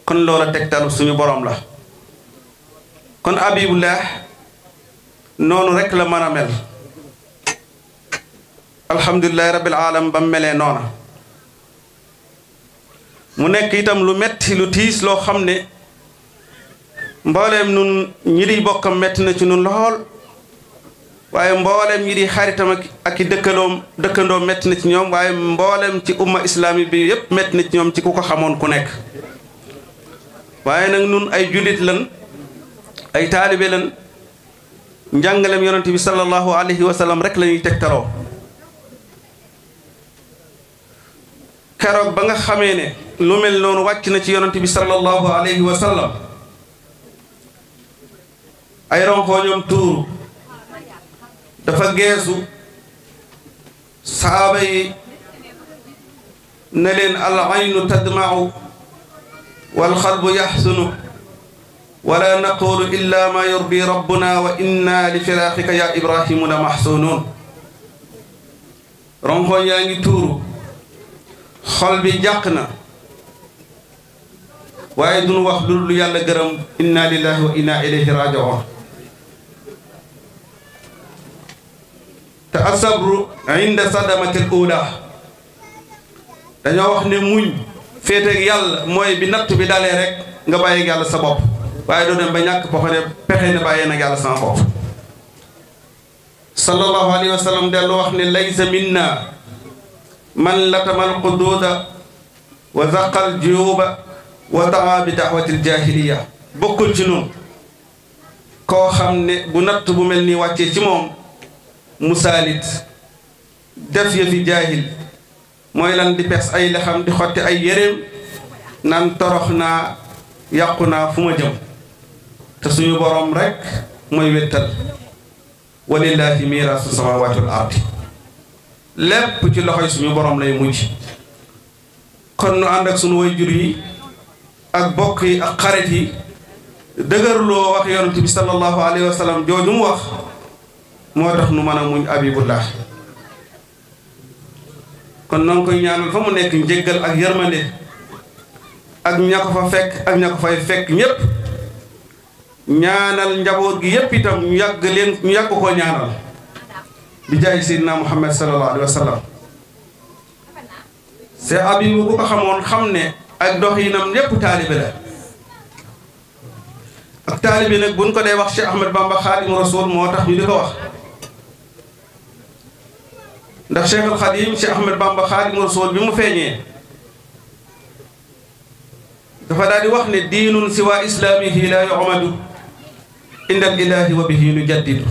kon loola tegtalu suñu boroom la kon Habibullah noonu rekk la mën a mel alhamdulilahi rabbil alam ba mu melee noona mu nekk itam lu metti lu tiis loo xam ne mbooleem nun ñi di bokkam metti na ci nun lool waaye mbooleem ñi di xaritam ak ak dëkkandoo metti na ci ñoom waaye mbooleem ci umma islami bi yépp metti na ci ñoom ci ku ko xamoon ku nekk waaye nag nun ay jullit lan ay taalibe lan njàngaleem yonent bi sallallahu alayhi wa rek la ñuy tegtaloo keroog ba nga xamee ne lu mel noonu wàcc na ci yonent bi sallallahu alayhi wa sallam ay ronkooñoom ne leen al aynu tadmaau wal xalbu yaxsunu ولا نقول إلا ما يرضي ربنا وإنا لفراقك يا إبراهيم لمحزونون rongoñ yaa ngi tuuru xol bi jàq na waaye duñu wax lu lu yàlla gërëm inna lillahi wa inna ilayhi raji'un te asabru inda sadamatil ula dañoo wax ne muñ féeteeg yàlla mooy bi natt bi dalee rek nga bàyyi yàlla sa bopp waaye doo dem ba ñàkk ba fa ne pexe na bàyyee nag yàlla sama bopp sallallahu alayhi wa sallam dellu wax ne laysa man latamal quduuda wa zaqal juyuuba wa daa bi daawati ljahiliya bokkul ci noonu koo xam ne bu natt bu mel ni wàccee ci moom mu saalit def yëfi jaahil mooy lan di pes ay lexam di xotti ay yéreem naan torox naa yàqu naa fu ma jëm te suñu borom rekk mooy wéttal walillaahi miiraasu samaawaati wal ardi lépp ci loxoy suñu boroom lay mujj kon nu ànd ak suñu waajur yi ak bokk yi ak xarit yi dëgërloo wax yonent bi sallallahu alayhi wa jooju mu wax moo tax nu mën a muñ abibullah kon noonu koy ñaanal fa mu nekk njëggal ak yërmande ak ña ko fa fekk ak ña ko fay fekk ñépp ñaanal njaboot gi yépp itam ñu yàgg leen ñu yàgg ko ñaanal bi jaay seydina muhammad sallallahu alayhi wa bu ko xamoon xam ne ak doxinam lépp taalibe la ak taalibe nag buñ ko dee wax Cheikh Ahmed Bamba Xaadimu Rasuul moo tax ñu di ko wax ndax Cheikh al Xadim Cheikh Ahmed Bamba Xaadimu Rasuul bi mu feeñee dafa daal di wax ne diinun siwa islaamihi la yu'madu indal ilaahi wa bihi nu jaddidu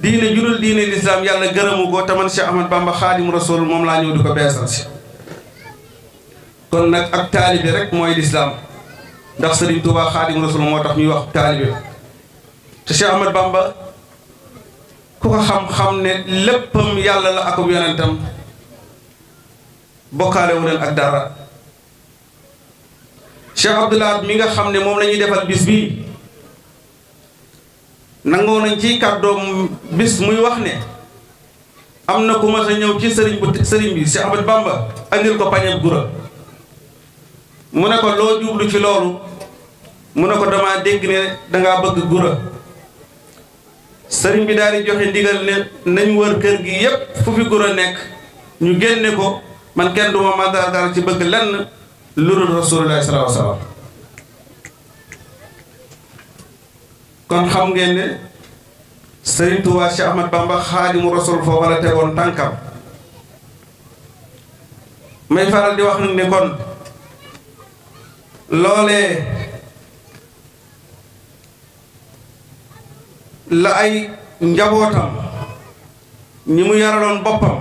diine judul diine lislaam yàlla gërëmu ko taman Cheikh Ahmad Bamba xaadim rasul moom laa ñëw di ko beesal si kon nag ak taalibe rek mooy lislaam ndax Sëriñ Tuubaa xaadim rasul moo tax ñuy wax taalibe te Cheikh Ahmad Bamba ku ko xam-xam ne léppam yàlla la akub yonentam bokkaale wu leen ak dara Cheikh Abdoul Ahad mi nga xam ne moom la ñuy defal bis bi nangoo nañ ci kàddoom bis muy wax ne am na ku mas a ñëw ci sëriñ bu sëriñ bi Cheikh Ahmad Bamba andil ko pañeb gura mu ne ko loo jublu ci loolu mu ne ko damaa dégg ne dangaa bëgg gura sëriñ bi daal di joxe ndigal ne nañ wër kër gi yépp fu fi gura nekk ñu génne ko man kenn duma ma dara ci bëgg lenn lu dul rasulullah sallallahu kon xam ngeen ne Serigne Touba Cheikh Ahmad Bamba xaadimu rasul foofa la tegoon tànkam may faral di wax nag ne kon loolee la ay njabootam ñi mu yaraloon boppam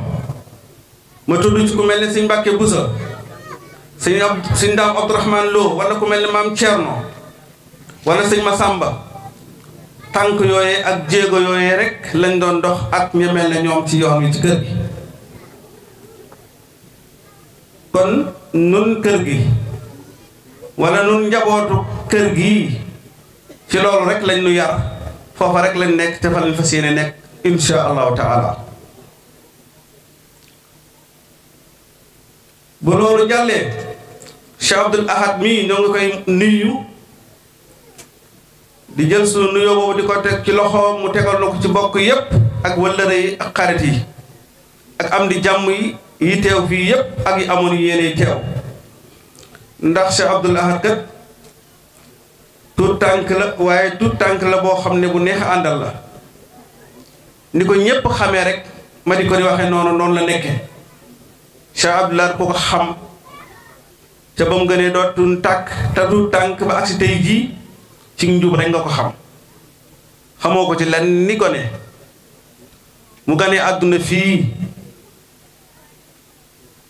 ma tudd ci ku mel ne Serigne Mbàkke Buso sëñ ab sëñ daam Abdourahmane loo wala ku mel ni maam Thierno wala sëñ sàmba tànk yooyee ak jéego yooyee rekk lañ doon dox ak ña mel ñoom ci yoon wi ci kër gi kon nun kër gi wala nun njabootu kër gi ci loolu rek lañ nu yar foofa rek lañ nekk te fa lañ fas yéene nekk insha allahu taala bu loolu jàllee Cheikh Abdoul Ahad mii ñoo ngi koy nuyu di jël sunu nuyoo boobu di ko teg ci loxo mu tegal na ko ci bokk yépp ak wëllëre yi xarit yi ak am di jàmm yi yi teew fii yépp ak yi amoon yéene teew ndax Cheikh Abdoul Ahad kat tuut tànk la waaye tuut tànk la boo xam ne bu neex a àndal la ni ko ñépp xamee rek ma di ko di waxee noonu noonu la nekke Cheikh Abdoul Ahad ku ko xam ca ba mu gënee dootu tàkk tatu tànk ba agsi tey jii ci njub rek nga ko xam xamoo ko ci lenn ni gone mu gane àdduna fii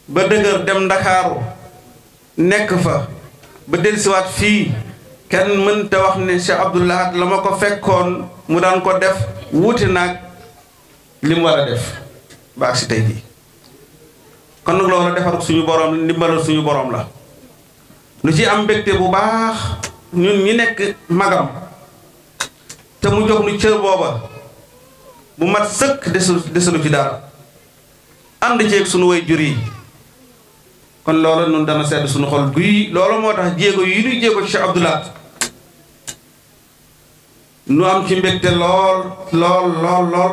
ba dëgër dem ndakaaru nekk fa ba dellusiwaat fii kenn mënta wax ne Cheikh Abdoul Ahad la ma ko fekkoon mu daan ko def wuute nag li mu a def ba agsi tey jii kon nag loolu defarul suñu boroom ndimbalal suñu boroom la lu ci am mbégte bu baax ñun ñi nekk magam te mu jox nu cër booba bu mat sëkk desul desulu ci daal ànd ceeg sunu way jur yi kon loola nun dana sedd sunu xol guy loola moo tax jéego yi ñuy jéego ci Cheikh Abdou nu am ci mbégte lool lool lool lool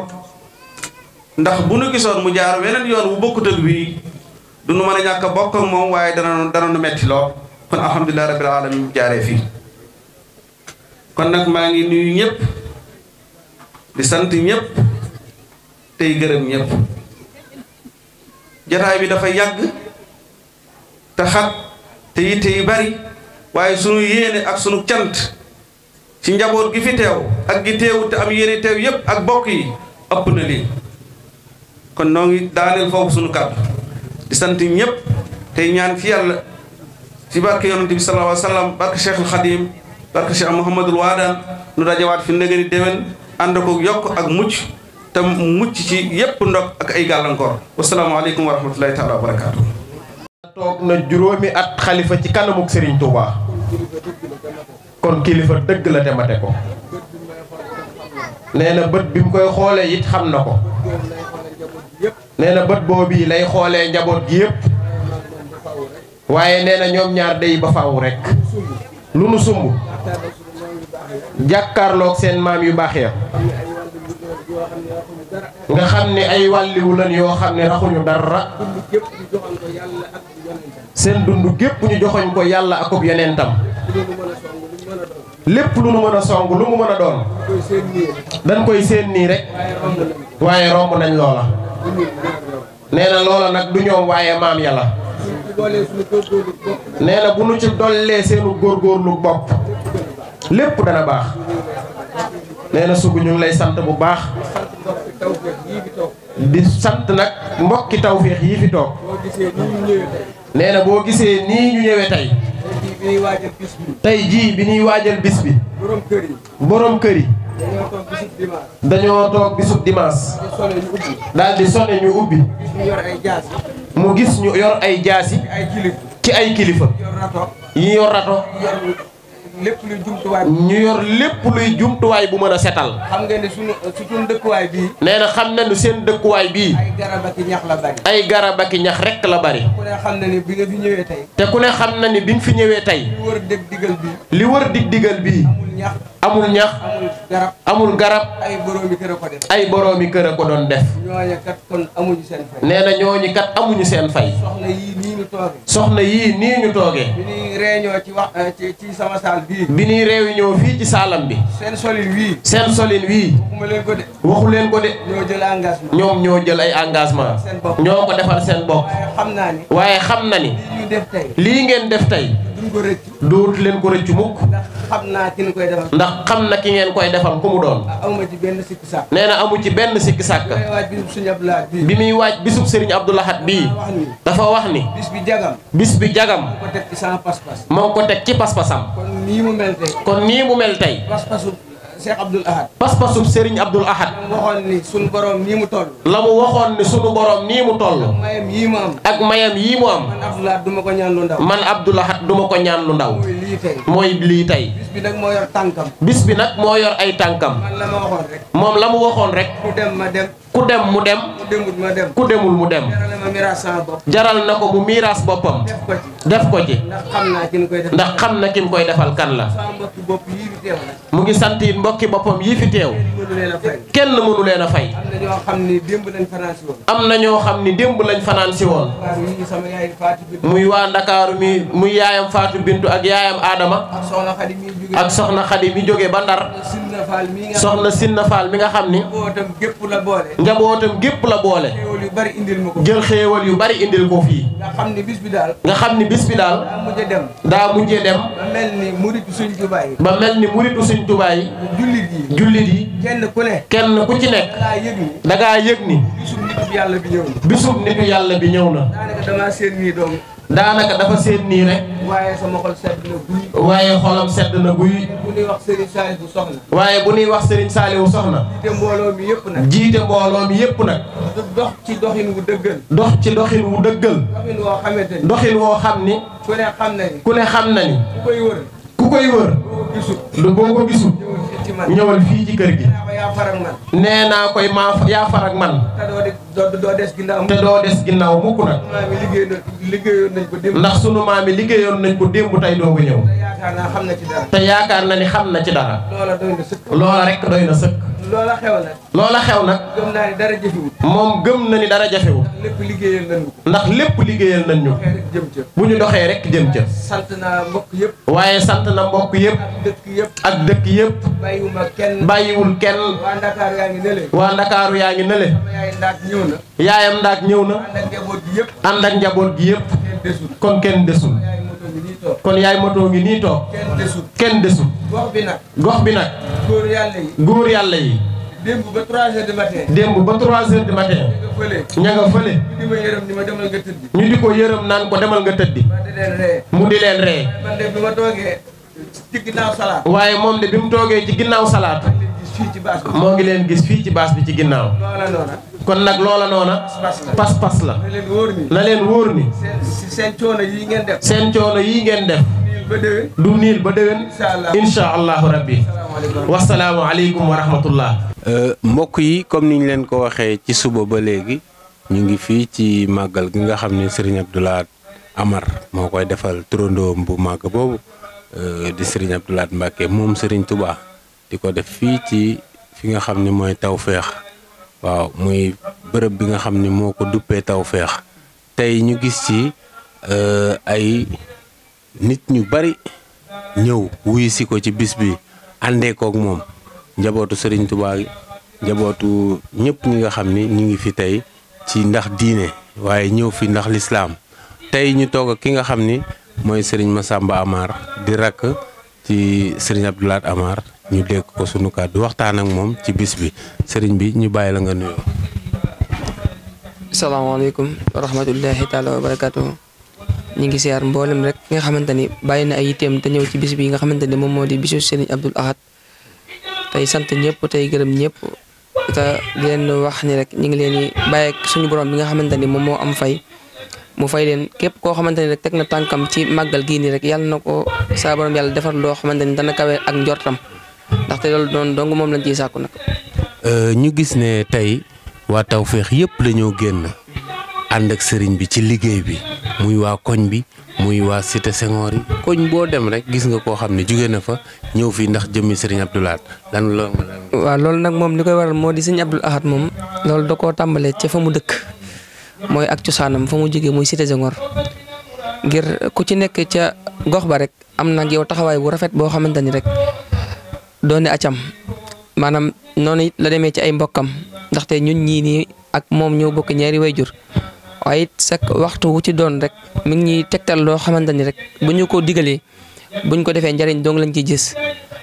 ndax bu nu gisoon mu jaar weneen yoon wu bokkut ak bii du nu mën a ñàkk bokk moom waaye dana dana nu metti lool kon alhamdulilah rabbil alamin jaaree fii kon nag maa ngi nuyu ñëpp di sant ñëpp tey gërëm ñëpp jataay bi dafa yàgg te xat te yitte yu bari waaye sunu yéene ak sunu cant ci njaboot gi fi teew ak gi teewu te am yéene teew yépp ak bokk yi ëpp na lii kon noo ngi daaneel foofu sunu kàddu di sant ñëpp tey ñaan fi ci barke yonent bi sallallahu alayhi wa sallam barke Cheikhul Khadim barke Cheikh Mouhamadul Waadaan nu dajawaat fi ndëgëni déwén ànd ko yokk ak mucc te mucc ci yépp ndog ak ay gàllankoor wasalaamaaleykum wa rahmatulahi taala wa barakaatu. toog ci kanamuk Serigne Touba kilifa dëgg la te mate na bët bi koy xoolee it xam na ko nee na bët boobu lay xoolee njaboot gi yépp waaye nee na ñoom ñaar day ba faaw rek lu nu sumb jàkkaarloog seen maam yu baax ya nga xam ni ay wàlliwu lan yoo xam ne raxuñu dara seen dund gépp ñu joxoñ ko yàlla ak ab yonentam lépp lu nu mën a song lu mu mën a doon dañ koy seen nii rek waaye romb nañ loola nee na loola nag du ñoom waaye maam yàlla nee na bu nu ci dollee seenu góor góorlu bopp lépp dana baax nee na sugu ñu lay sant bu baax di sant nag mbokki tawféex yi fi toog nee na boo gisee nii ñu ñëwee tey tey jii bi ñuy waajal bis bi borom kër yi dañoo toog bisub dimanche daal di sone ñu ubbi mu gis ñu yor ay jaasi ci ay kilifa ñi yor rato lépp luy jumtuwaay. ñu yor lépp luy jumtuwaay bu mën a setal. xam nga ne sunu sunu dëkkuwaay bii. nee na xam seen dëkkuwaay bii. ay garab ak ñax la bari. ay garab ñax rek la bari. te ku ne xam na ni bi nga fi ñëwee tey. te ku ne xam na ni bi nga fi ñëwee tey. li wër dig digal bii. li wër dig digal bii. amul amul ñax amul garab amul garab ay boroomi kër a ko def ay boroomi kër a ko doon def. ñooñu kat kon amuñu seen fay. nee na ñooñu kat amuñu seen fay. soxna yii nii ñu toogee. soxna yii nii ñu toogee. bi ñuy réunion ci wax eh, ci sama saal bii. bi ñuy réunion fii ci saalam bi. seen solin wii. seen solin wii. waxuma leen ko de. waxu leen ko de. ñoo jël engagement. ñoom ñoo jël ay engagement. ñoo ko defal seen bopp. waaye xam naa ni. waaye xam na ni. lii ngeen def tey. lii ngeen def tey. duut leen ko rëccu mukk ndax xam koy defal. ndax xam na ki ngeen koy defal ku mu doon. amu ci benn sikki sàkk. nee na amu ci benn sikki sàkk. bi muy waaj bisub sëriñ Abdou Lahad bii. dafa wax ni. bis bi jagam. bis bi jagam. moo ko teg ci sama pas ko teg ci pas-pasam. kon nii mu mel tey. kon nii mu mel tey. Cheikh Abdoul Ahad. pas-pasub Serigne Abdoul Ahad. la mu waxoon ni sunu borom nii mu toll. la mu waxoon ni sunu borom nii mu toll. ak mayam yii mu am. ak mayam yii mu am. man Abdoul Ahad du ko ñaan lu ndaw. man Abdoul Ahad du ma ko ñaan lu ndaw. mooy lii tey. mooy lii tey. bis bi nag moo yor tànkam. bis bi nag moo yor ay tànkam. man la ma waxoon rek. moom la mu waxoon rek. ku dem ma ku dem mu dem. ku demul mu dem. jaral na ko mu miiras boppam. def ko ci. ndax xam na ki mu koy defal kan la. mu ngi sant it mbokki boppam yii fi teew. kenn mënu leen a fay. am na ñoo xam ni démb lañ fanaan si woon. muy waa Ndakaaru mi muy yaayam faatu Bintu ak yaayam Adama. ak soxna Xadi mi jóge ba Ndar. soxna Sinna Fall mi nga xam ni. la boole njabootam gépp la boole. jël xéewal yu bari indil ko fii. nga xam ni bis bi daal. nga xam ni bis bi daal. daa mujjee dem. daa mujjee dem. ba mel ni muritu suñ tubaay. ba mel ni muritu suñ tubaay. jullit yi jullit yi. kenn ku ne. kenn ku ci nekk. da ngaa yëg ni. bisub nitu yàlla bi ñëw na. yàlla bi ñëw na. daanaka dafa seet nii rek. waaye sama xol sedd na guy. waaye xolam sedd na guy. bu ñuy wax Serigne Saliou soxna. waaye bu nuy wax Serigne Saliou soxna. jiite mbooloo mi yëpp nag. jiite mbooloo mi yëpp nag. dox ci doxin wu dëggal. dox ci doxin wu dëggal. woo xamante doxin woo xam ni. ku ne xam na ni. ku ne koy wër. ku koy wër. du boo ko gisul. ñëwal fii ci kër gi. yaa far ak nee naa koy maa yaa far ak man. te doo de doo des ginnaaw. te doo des ginnaaw mukk nag. maam yi liggéeyoon nañ ndax sunu maam yi liggéeyoon nañ ko démb tey doogu ñëw. te yaakaar xam na ci dara. yaakaar na ni xam na ci dara. loola doy na sëkk. loola rek doy na sëkk. loola xew na loola xew nag. gëm naa ni dara moom gëm na ni dara jafewul. ndax lépp liggéeyal nañ ndax lépp liggéeyal nañ ñu. bu ñu doxee rek jëm ca. sant naa mbokk yëpp. waaye sant na mbokk yëpp. ak dëkk yëpp. ak dëkk kenn. bàyyiwul kenn. waa Ndakaaru yaa ngi nële. waa Ndakaaru yaa ngi nële. yaayam ndaak ñëw na. yaayam ndaak ñëw na. njaboot gi yëpp. ànd ak gi yëpp. kon kenn desul. kon yaay matoo ngi nii toog. kenn desul kenn gox bi nag. gox bi nag. góor yàlla yi. yàlla yi. démb ba 3 heures du matin. démb ba 3 heures du matin. ña nga fële. ñu di ko yërëm ma demal nga ñu di ko yërëm naan ko demal nga tëddi. mu di leen ree. bi ma toogee ci ginnaaw salaat. waaye moom de bi mu toogee ci ginnaaw salaat. fii moo ngi leen gis fii ci baas bi ci ginnaaw. kon nag loola noona. pas-pas la na leen wóor ni. seen coono yi ngeen def. du niil ba déwén. incha allahu rabbi. wasalaamu aleykum wa euh, mbokk yi comme niñ leen ko waxee ci suba ba léegi ñu ngi fii ci màggal gi nga xam ne Serigne Abdou Amar moo koy defal turandoom bu màgg boobu euh, di Serigne Abdou Lahad moom Serigne Touba. di ko def fii ci fi nga xam ni mooy tawféex waaw muy bërëb bi nga xam ni moo ko duppee tawféex tey ñu gis ci euh, ay nit ñu bari ñëw wuyu si ko ci bis bi àndee kook moom njabootu sëriñ Touba gi njabootu ñëpp ñi nga xam ni ñu ngi fi tey ci ndax diine waaye ñëw fi ndax lislaam tey ñu toog ki nga xam ni mooy Serigne Massamba Amar di rakk ci Serigne Abdoulaat Amar ñu dégg ko sunu kàddu waxtaan ak moom ci bis bi sëriñ bi ñu bàyyi la nga nuyoo. salaamaaleykum wa rahmatullahi taala wa ñu ngi siyaar mboolem rek nga xamante ni bàyyi na ay yitteem te ñëw ci bis bi nga xamante ni moom moo di bisu Serigne Abdoul Ahad tey sant ñëpp tey gërëm ñëpp te wax ni rek ñu ngi leen di bàyyi suñu borom bi nga xamante ni moom moo am fay mu fay leen képp koo xamante ni rek teg na tànkam ci màggal gii nii rek yàlla na ko saa borom yàlla defar loo xamante ni dana kawee ak njortam. ndaxte loolu doon dong moom lañ ciy sàkku nag. Euh, ñu gis ne tey waa Tawfekh yëpp dañoo génn ànd ak sëriñ bi ci liggéey bi muy waa koñ bi muy waa Cité Senghor yi koñ boo dem rek gis nga koo xam ne jóge na fa ñëw fii ndax jëmmi sëriñ Abdou Lahad loolu nag moom li koy waral moo di sëriñ Abdou Lahad moom. loolu da koo tàmbalee ca fa mu dëkk mooy ak cosaanam fa mu jógee muy Cité Senghor ngir ku ci nekk ca gox ba rek am na yow taxawaay bu rafet boo xamante ni rek. doone acam maanaam noonu la demee ci ay mbokkam ndaxte ñun ñii nii ak moom ñoo bokk ñaari way jur waaye it sak waxtu wu ci doon rek mi ngi ñuy tegtal loo xamante ni rek bu ñu ko digalee ñu ko defee njariñ dong lañ ciy gis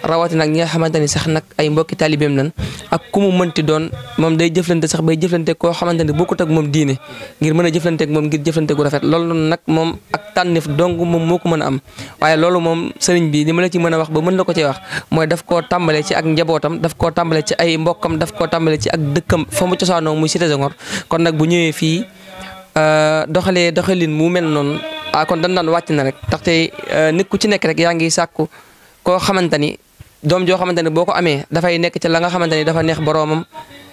rawatina ak nga xamante ni sax nag ay mbokki taalibeem nan ak ku mu mënti doon moom day jëflante sax bay jëflante koo xamante ni bokkut ak moom diine ngir mën a jëflante ak moom ngir jëflante gu rafet loolu noonu nag moom ak tànnif dong moom moo ko mën a am waaye loolu moom sëriñ bi li ma la ci mën a wax ba mën la ko ci wax mooy daf koo tàmbale ci ak njabootam daf ko tàmbale ci ay mbokkam daf koo tàmbale ci ak dëkkam fa mu cosaanoo muy Cité Senghor kon nag bu ñëwee fii euh, doxalee doxalin mu mel noonu ah kon dañ daan wàcc na rek ndaxte euh, nit ku ci nekk rek yaa ngi sàkku koo xamante ni doom joo xamante ne boo ko amee dafay nekk ci la nga xamante ni dafa neex boroomam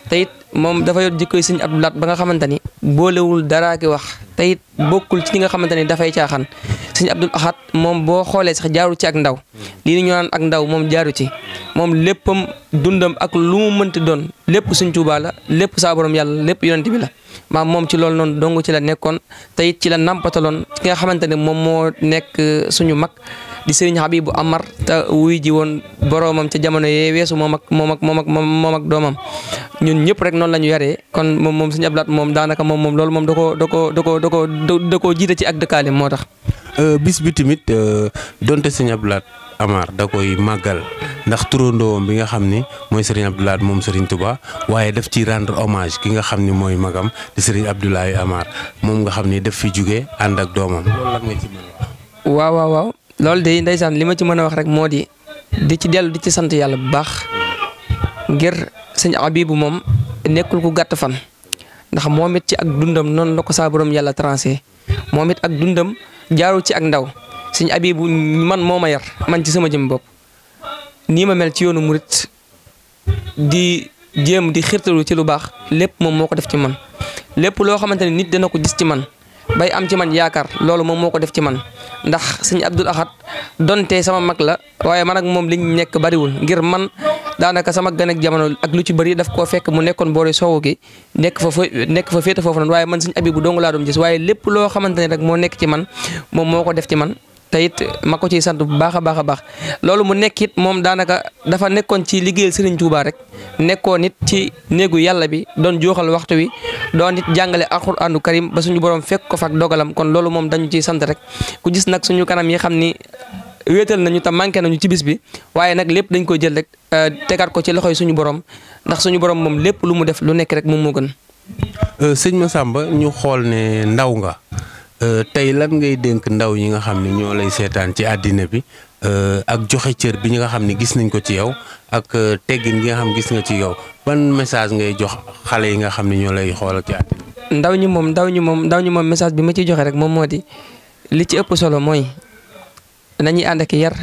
te it moom dafa yor jikkoy sëñ Abdou Lahat ba nga xamante ni boolewul daraa ki wax te bokkul ci ñi nga xamante ni dafay caaxaan sëñ Abdul Ahad moom boo xoolee sax jaaru ci ak ndaw lii ñu naan ak ndaw moom jaaru ci moom léppam dundam ak lu mu mënti doon lépp sëñ Tuubaa la lépp saa yàlla lépp yonent bi la moom ci loolu noonu dong ci la nekkoon te ci la nàmpataloon ki nga xamante ne moom moo nekk uh, suñu mag di sëriñ Habibu Amar te wuy ji woon boroomam ca jamono yee weesu moom ak moom ak moom ak moom ak doomam ñun ñëpp rek noonu la ñu yaree kon moom moom suñu ablaat moom daanaka moom moom loolu moom da koo da koo da koo da koo da koo jiite ci ak dëkkaaleem moo tax. Euh, bis bi tamit euh, donte suñu ablaat Amar da koy màggal ndax turandoom bi nga xam ni mooy Serigne Abdoulaye moom Serigne Touba waaye daf ci rendre omage ki nga xam ni mooy magam di Serigne Abdoulaye Amar moom nga xam ni daf fi jugee ànd ak doomam a waaw waaw waaw loolu de ndeysaan li ma ci mën a wax rek moo di di ci dellu di ci sant yàlla bu baax ngir sëñ Abibu moom. nekkul ku gàtt fan ndax moom it ci ak dundam noonu la ko saa borom yàlla trancé moom it ak dundam jaarul ci ak ndaw sëñ Abibu man moo ma yar man ci sama jëm bopp nii ma mel ci yoonu murit di jéem di xirtalu ci lu baax lépp moom moo ko def ci man lépp loo xamante ne nit dana ko gis ci man bay am ci man yaakaar loolu moom moo ko def ci man ndax sëñ Abdul Ahad donte sama mag la waaye man ak moom liñ nekk bariwul ngir man daanaka sama gan jamono ak lu ci bari daf koo fekk mu nekkoon boori soowu gi nekk fa fa nekk fa féete foofu noonu waaye man sëñ Abibu dong laa doon gis waaye lépp loo xamante ne rek moo nekk ci man moom moo ko def ci man te it ma ko ciy sant bu baax a baax a baax loolu mu nekk it moom daanaka dafa nekkoon ci liggéeyal Serigne Touba rek nekkoon it ci néegu yàlla bi doon jooxal waxtu wi doon it jàngale alxuraanu karim ba suñu borom fekk ko fak dogalam kon loolu moom dañu ciy sant rek ku gis nag suñu kanam yi xam ni wéetal nañu te manqué nañu ci bis bi waaye nag lépp dañ koy jël rek euh, tegaat ko ci loxo yi suñu borom ndax suñu borom moom lépp lu mu def lu nekk rek moom moo gën. Euh, sëñ Massamba ñu xool ne ndaw nga. Euh, tey lan ngay dénk ndaw yi nga xam ne ñoo lay seetaan ci àddina bi euh, ak joxe cër bi ñi nga xam ne gis nañ ko ci yow ak euh, teggin bi nga xam gis ci yow ban message ngay jox xale yi nga xam ne ñoo lay xoolal ci àddina ndaw ñi moom ndaw ñi moom ndaw ñi moom message bi ma ciy joxe rek moom moo di li ci ëpp solo mooy nañuy ànd ak yar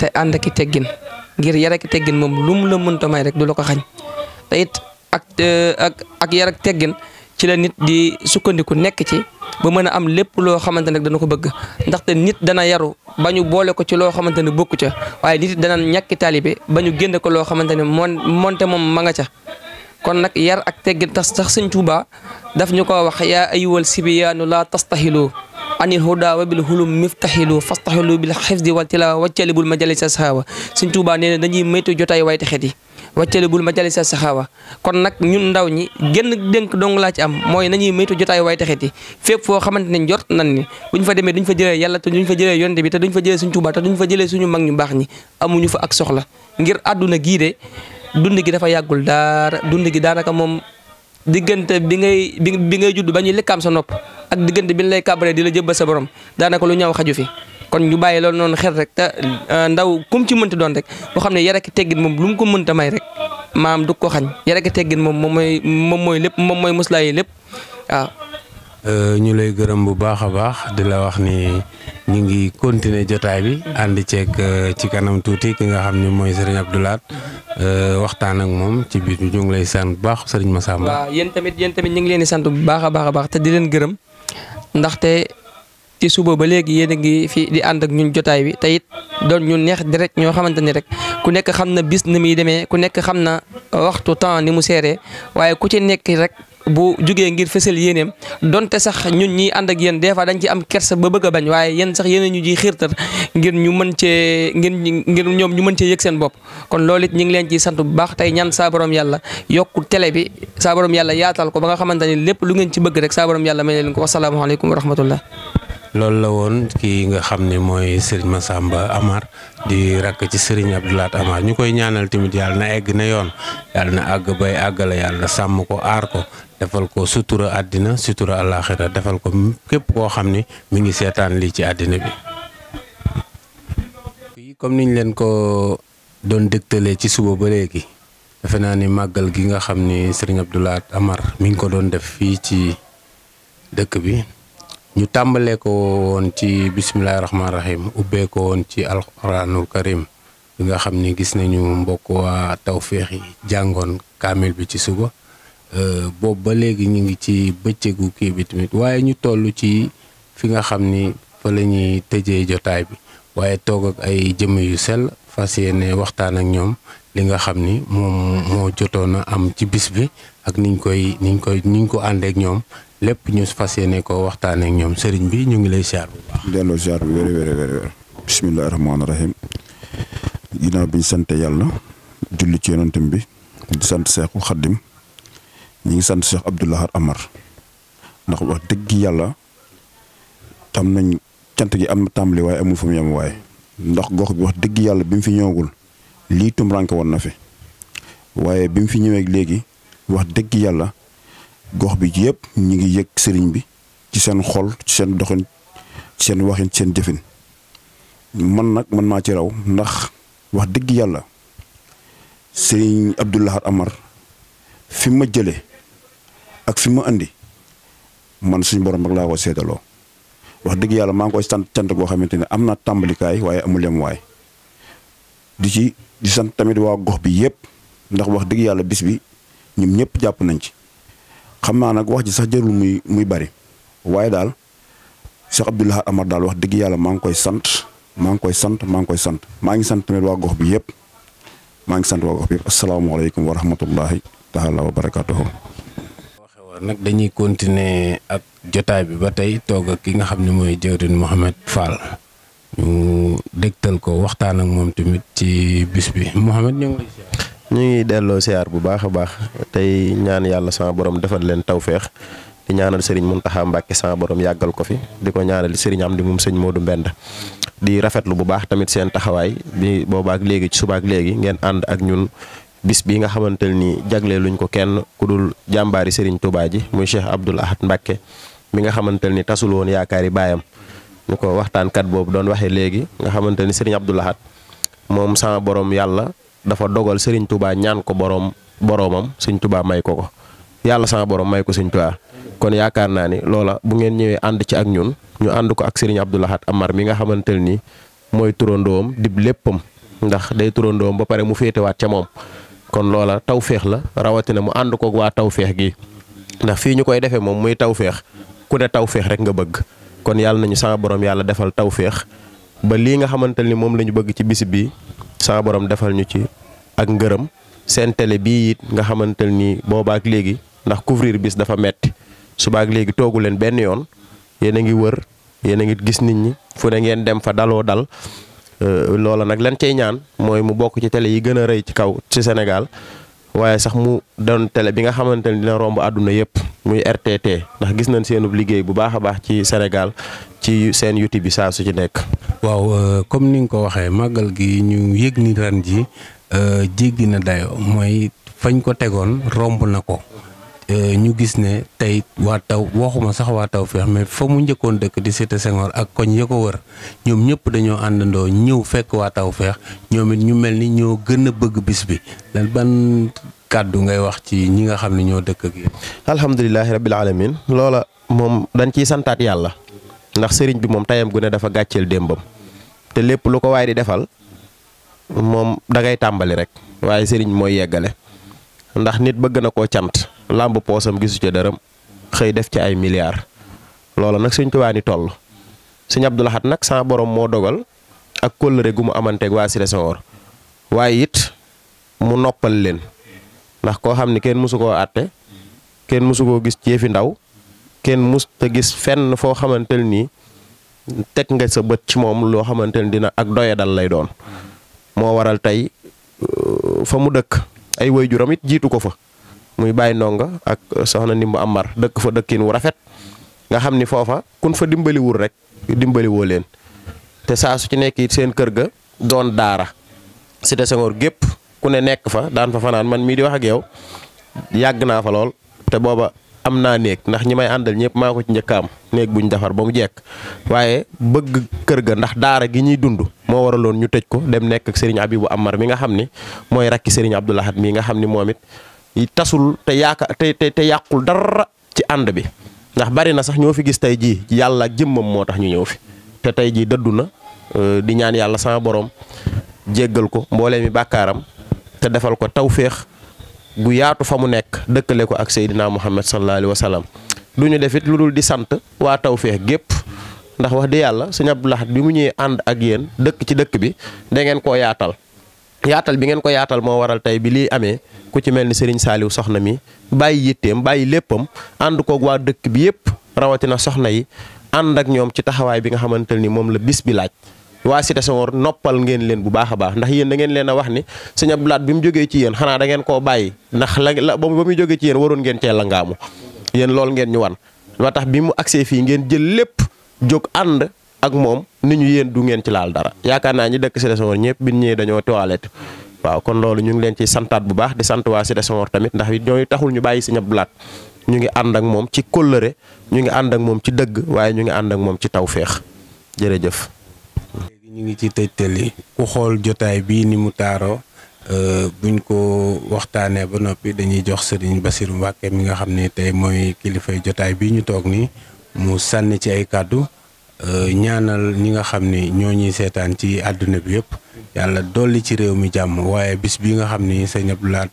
te ànd ak teggin ngir yar ak teggin moom lu mu la mënta may rek du la ko xañ te ak ak ak yar ak teggin ci la nit di sukkandiku nekk ci ba mën a am lépp loo xamante ne dana ko bëgg ndaxte nit dana yaru ba ñu boole ko ci loo xamante ne bokku ca waaye nit dana ñàkki taalibe ba ñu génn ko loo xamante ne moon moonte moom ma nga ca kon nag yar ak teggin tax sax sëñ Tuuba daf ñu ko wax yaa ayyuhal sibiyaanu laa tastahilu anil huda wa bil hulum miftahilu fastahilu bil hifdi wal ci la ma wajtalibul sa sahawa sëñ Tuuba nee na dañuy maytu jotaay wayte xet yi waccale bul ma jali sa saxaawa kon nag ñun ndaw ñi génn dénk dong laa ci am mooy nañuy moytu jotaay waay taxit yi fépp foo xamante ne jot nan ni buñ fa demee duñ fa jëlee yàlla te duñ fa jëlee yonte bi te duñ fa jëlee suñ Tuubaa te duñ fa jëlee suñu mag ñu baax ñi amuñu fa ak soxla ngir àdduna gii de dund gi dafa yàggul daara dund gi daanaka moom diggante bi ngay bi ngay judd ba ñuy lekkaam sa nopp ak diggante bi ñu lay kàbbaree di la jëbba sa borom daanaka lu ñaaw xaju fi kon ñu bàyyi loolu noonu xel rek euh, ndaw comme ci mënti doon rek boo xam ne yar ak teggin moom lu mu ko mënta may rek maam du ko xañ yar ak teggin moom moom mooy moom mooy lépp moom mooy muslaa yi lépp waaw. Euh, ñu lay gërëm bu baax a baax di la wax ni ñu ngi continuer jotaay bi ànd ceeg euh, ci kanam tuuti ki nga xam ne mooy sëriñ Abdoulaat waxtaan ak moom ci biir ñu ngi lay sant bu baax sëriñ Massamba. waaw yéen tamit yéen tamit ñu ngi leen di sant bu baax a baax a baax te di leen gërëm ndaxte ci suba ba léegi yéen a ngi fi di ànd ak ñun jotaay bi te it doon ñu neex direct ñoo xamante ni rek ku nekk xam na bis na muy demee ku nekk xam na waxtu temps ni mu seeree waaye ku ci nekk rek bu jógee ngir fësal yéeneem donte sax ñun ñiy ànd ak yéen des fois dañ ci am kersa ba bëgg a bañ waaye yéen sax yéen ñu ji xiirtal ngir ñu mën cee ngir ngir ñoom ñu mën cee yëg seen bopp kon loolu it ñu ngi leen ciy sant bu baax tey ñaan saa yàlla yokk télé bi saa borom yàlla yaatal ko ba nga xamante ni lépp lu ngeen ci bëgg rek saa yàlla may ko wasalaamaaleykum wa loolu la woon kii nga xam ne mooy Serigne Massamba Amar di rakk ci Serigne Abdou Lahat ñu koy ñaanal tamit yàlla na egg na yoon yàlla na àgg bay àggale yàlla sàmm ko aar ko defal ko sutura àddina sutura àllaaxira defal ko képp koo xam ne mi ngi seetaan lii ci àddina bi. fii comme niñ leen ko doon dëgtalee ci suba ba léegi defe naa ni màggal gi nga xam ni Serigne Abdou Lahat Amar mi ngi ko doon def fii ci dëkk bi. ñu tàmbalee ko woon ci bisimilah rahmaani rahim ubbee ko woon ci alxuraanul karim bi nga xam ni gis nañu mbokk waa tawféex yi jàngoon kaamil bi ci suba euh, boobu ba léegi ñu ngi ci bëccëgu kii bi tamit waaye ñu toll ci fi nga xam ni fa la tëjee jotaay bi waaye toog ak ay jëmm yu sel fas yéene waxtaan ak ñoom li nga xam ni moom moo jotoon a am ci bis bi ak niñ koy niñ koy niñ ko àndeek ñoom lépp ñu fas yéene ko waxtaaneek ñoom sëriñ bi ñu ngi lay siyaar bu baax. delloo siyaar bi wér wér wér wér. bisimilah rahmaani rahim. ginnaaw bi ñu sant yàlla. julli ci yonentam bi. di sant Seexul Xaddim. ñu ngi sant Cheikh Abdou Lahad Amar. ndax wax dëgg yàlla tam nañ cant gi am na tàmbali waaye amul fu mu yem waaye. ndax gox bi wax dëgg yàlla bi mu fi ñëwagul. lii tum woon na fi. waaye bi mu fi ñëwee léegi. wax dëgg yàlla. gox bi ji yëpp ñu ngi yëg sëriñ bi ci seen xol ci seen doxin ci seen waxin ci seen jëfin man nag man maa ci raw ndax wax dëgg yàlla sëriñ Abdou Lahad Amar fi ma jëlee ak fi ma indi man suñ borom rek laa ko seetaloo wax dëgg yàlla maa ngi koy sant cant goo xamante ne am naa tàmbalikaay waaye amul yem waaye di ci di sant tamit waa gox bi yëpp ndax wax dëgg yàlla bis bi ñoom ñëpp jàpp nañ ci. xam naa nag wax ji sax jërul muy muy bari waaye daal Cheikh Abdoul Ahad Amar daal wax dëgg yàlla maa ngi koy sant maa ngi koy sant maa ngi koy sant maa ngi sant tamit waa gox bi yëpp maa ngi sant waa gox bi yëpp asalaamaaleykum wa rahmatullahi taala wa barakaatuhu. waaw nag dañuy continuer ak jotaay bi ba tey toog ak ki nga xam ne mooy jëwriñ Mouhamed Fall ñu dégtal ko waxtaan ak moom tamit ci bis bi Mouhamed ñu ngi delloo siyaar bu baax a baax tey ñaan yàlla sama borom defal leen tawféex di ñaanal mun Mountakha Mbacké sama boroom yàggal ko fi di ko ñaanal Serigne di moom sëñ moo Modou Mbend di rafetlu bu baax tamit seen taxawaay bi boobaak léegi ci subaak léegi ngeen ànd ak ñun bis bi nga xamante ni jagle luñ ko kenn ku dul jàmbaari Serigne Touba ji muy Cheikh Abdoul Ahad mi nga xamante ni tasul woon yaakaari baayam ñu ko waxtaankat boobu doon waxee léegi nga xamante ni Serigne Abdoul Ahad moom sama borom yàlla dafa dogal Serigne Touba ñaan ko boroom boroomam Serigne Touba may ko ko yàlla sama borom may ko Serigne Touba kon yaakaar naa ni loola bu ngeen ñëwee ànd ci ak ñun ñu ànd ko ak Serigne Abdou Lahad Amar mi nga xamante ne nii mooy turandoom dib léppam ndax day turandoom ba pare mu féetewaat ca moom kon loola tawféex la rawatina mu ànd koog waa tawféex gi ndax fii ñu koy defee moom muy tawféex ku ne tawféex rek nga bëgg kon yàlla nañu sama borom yàlla defal tawféex ba lii nga xamante ni moom la ñu bëgg ci bis bi saa borom defal ñu ci ak ngërëm seen télé bii it nga xamante ni boobaak léegi ndax couvrir bis dafa metti subaak léegi toogu leen benn yoon yéen a ngi wër yéen a ngi gis nit ñi fu ne ngeen dem fa daloo dal euh, loola nag lan cay ñaan mooy mu bokk ci télé yi gën a rëy ci kaw ci Sénégal waaye sax mu doon tele bi nga xamante ne dina romb àdduna yëpp muy RTT ndax gis nañ seenub liggéey bu baax a baax ci Sénégal ci seen YouTube bi saa su ci nekk. waaw euh, comme ni nga ko waxee màggal gi ñu yëg ni ren ji euh, jéggi na dayo mooy fañ ko tegoon romb na ko. Euh, ñu gis ne tey waa taw waxuma sax waa taw feex mais fa mu njëkkoon dëkk di cité Senghor ak koñ ya ko wër ñoom ñëpp dañoo àndandoo ñëw fekk waa taw feex ñoom it ñu mel ni ñoo gën a bëgg bis bi lan ban kàddu ngay wax ci ñi nga xam ne ñoo dëkk ak yéen. alhamdulilahi rabbil alamin loola moom dañ ciy santaat yàlla ndax sëriñ bi moom tayam gu ne dafa gàcceel démbam te lépp lu ko waay di defal moom dangay tàmbali rek waaye sëriñ mooy yeggale ndax nit bëgg koo cant. làmb poosam gisu ca dërëm xëy def ci ay milliards loola nag sëñ waa ni toll sëñ Abdou nag saa boroom moo dogal ak kóllëre gu mu amanteeg waa Cité Senghor waaye it mu noppal leen ndax koo xam ni kenn mësu koo àtte kenn mësu koo gis ceefi ndaw kenn mës te gis fenn foo xamante nii teg nga sa bët ci moom loo xamante ni dina ak doya dal lay doon moo waral tey euh, fa mu dëkk ay waajuram it jiitu ko fa muy bàyyi ndongo ak euh, soxna Ndimbu mar dëkk fa dëkkiin wu rafet nga xam ni foofa kun fa dimbaliwul rek dimbaliwoo leen te saa su ci nekk seen kër ga doon daara Cité Senghor gépp ku ne nekk fa daan fa fanaan man mii di wax ak yow yàgg naa fa lool te booba am naa néeg ndax ñi may àndal ñëpp maa ko ci njëkk am néeg bu ñu defar ba mu jekk waaye bëgg kër ga ndax daara gi ñuy dund moo waraloon ñu tëj ko dem nekk ak Serigne bu Amar mi nga xam ni mooy rakki Serigne Abdoulahat mi nga xam ni moom it tasul te yaaka te te yàqul dara ci ànd bi ndax bari na sax ñoo fi gis tey jii yàlla jëmmam moo tax ñu ñëw fi te tey jii dëddu na euh, di ñaan yàlla sama boroom jéggal ko mboolee mi bàkkaaram te defal ko tawféex gu yaatu fa mu nekk dëkkale ko ak Seydina Muhammad sallallahu alayhi wa sallam du ñu def it lu dul di sant waa tawféex gépp ndax wax di yàlla sëñ Abdou lax bi mu ñëwee ànd ak yéen dëkk ci dëkk bi da ngeen koo yaatal yaatal bi ngeen ko yaatal moo waral tey bi lii amee ku ci mel ni Serigne Saliou soxna mi bàyyi yitteem bàyyi léppam ànd koog waa dëkk bi yëpp rawatina soxna yi ànd ak ñoom ci taxawaay bi nga xamante ni moom la bis bi laaj. waa Cité noppal ngeen leen bu baax a baax ndax yéen da ngeen leen a wax ni sëñ Abdou Lahad bi mu jógee ci yéen xanaa da ngeen koo bàyyi ndax la la ba muy jógee ci yéen waroon ngeen cee langaamu yéen loolu ngeen ñu wan. ba tax bi mu agsee fii ngeen jël lépp jóg ànd ak moom ni ñu yéen du ngeen ci laal dara yaakaar naa ñi dëkk Cité Senghor ñëpp bi ñëwee dañoo toilette waaw kon loolu ñu ngi leen ci santaat bu baax di sant waa Cité Senghor tamit ndax ñooy taxul ñu bàyyi Sëñ Abdou Lahat ñu ngi ànd ak moom ci kóllëre ñu ngi ànd ak moom ci dëgg waaye ñu ngi ànd ak moom ci tawféex jërëjëf. léegi ñu ngi ci tëjtal yi ku xool jotaay bii ni mu taaroo euh, buñ ko waxtaanee ba noppi dañuy jox Serigne Bassirou Mbacké mi nga xam ne tey mooy kilifay jotaay bii ñu toog nii mu sànni ci ay kàddu Euh, ñaanal ñi nga xam ni ñoo ñuy seetaan ci àdduna bi yëpp yàlla dolli ci réew mi jàmm waaye bis bi nga xam ni sëñ Abdou Lahad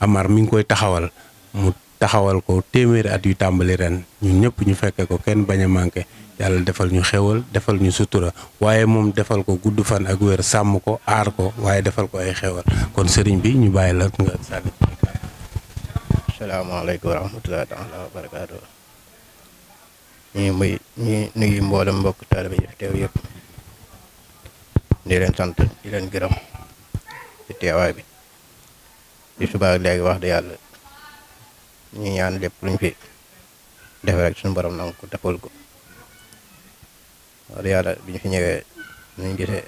Amar mi ngi koy taxawal mu taxawal ko téeméeri at yu tàmbali ren ñu ñëpp ñu fekke ko kenn bañ a manqué yàlla defal ñu xewal defal ñu sutura waaye moom defal ko gudd fan ak wér sàmm ko aar ko waaye defal ko ay xewal kon sëriñ bi ñu bàyyi la nga sànni. salaamaaleykum wa rahmatulah taala wa barakaatu. ñu muy ñu nuyu mboolem mbokk taalibe yi teew yëpp di leen sant di leen gërëm ci teewaay bi ci subaa léegi wax de yàlla ñu ñaan lépp luñ fi defe rek suñu borom nangu ko defal ko wax de yàlla bi ñu fi ñëwee nuñ gisee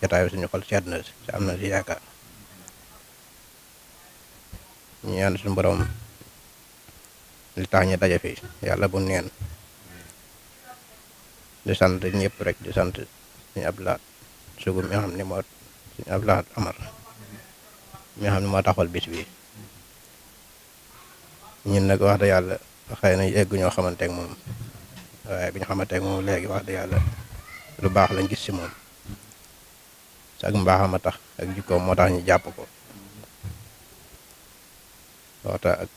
jotaay bi suñu xol sedd na si am na si yaakaar ñu ñaan suñu borom li tax ñu daje fii yàlla bu neen di sant ñëpp rek di sant ab laat sugu mi nga xam ne moo suñu laat amar mi xam ne moo taxawal bis bi ñun nag wax dëgg yàlla xëy na eggu ñoo xamante moom waaye bi ñu xamante ak moom léegi wax dëgg yàlla lu baax lañ gis si moom ak mbaaxam a tax ak jikkoom moo tax ñu jàpp ko waxta ak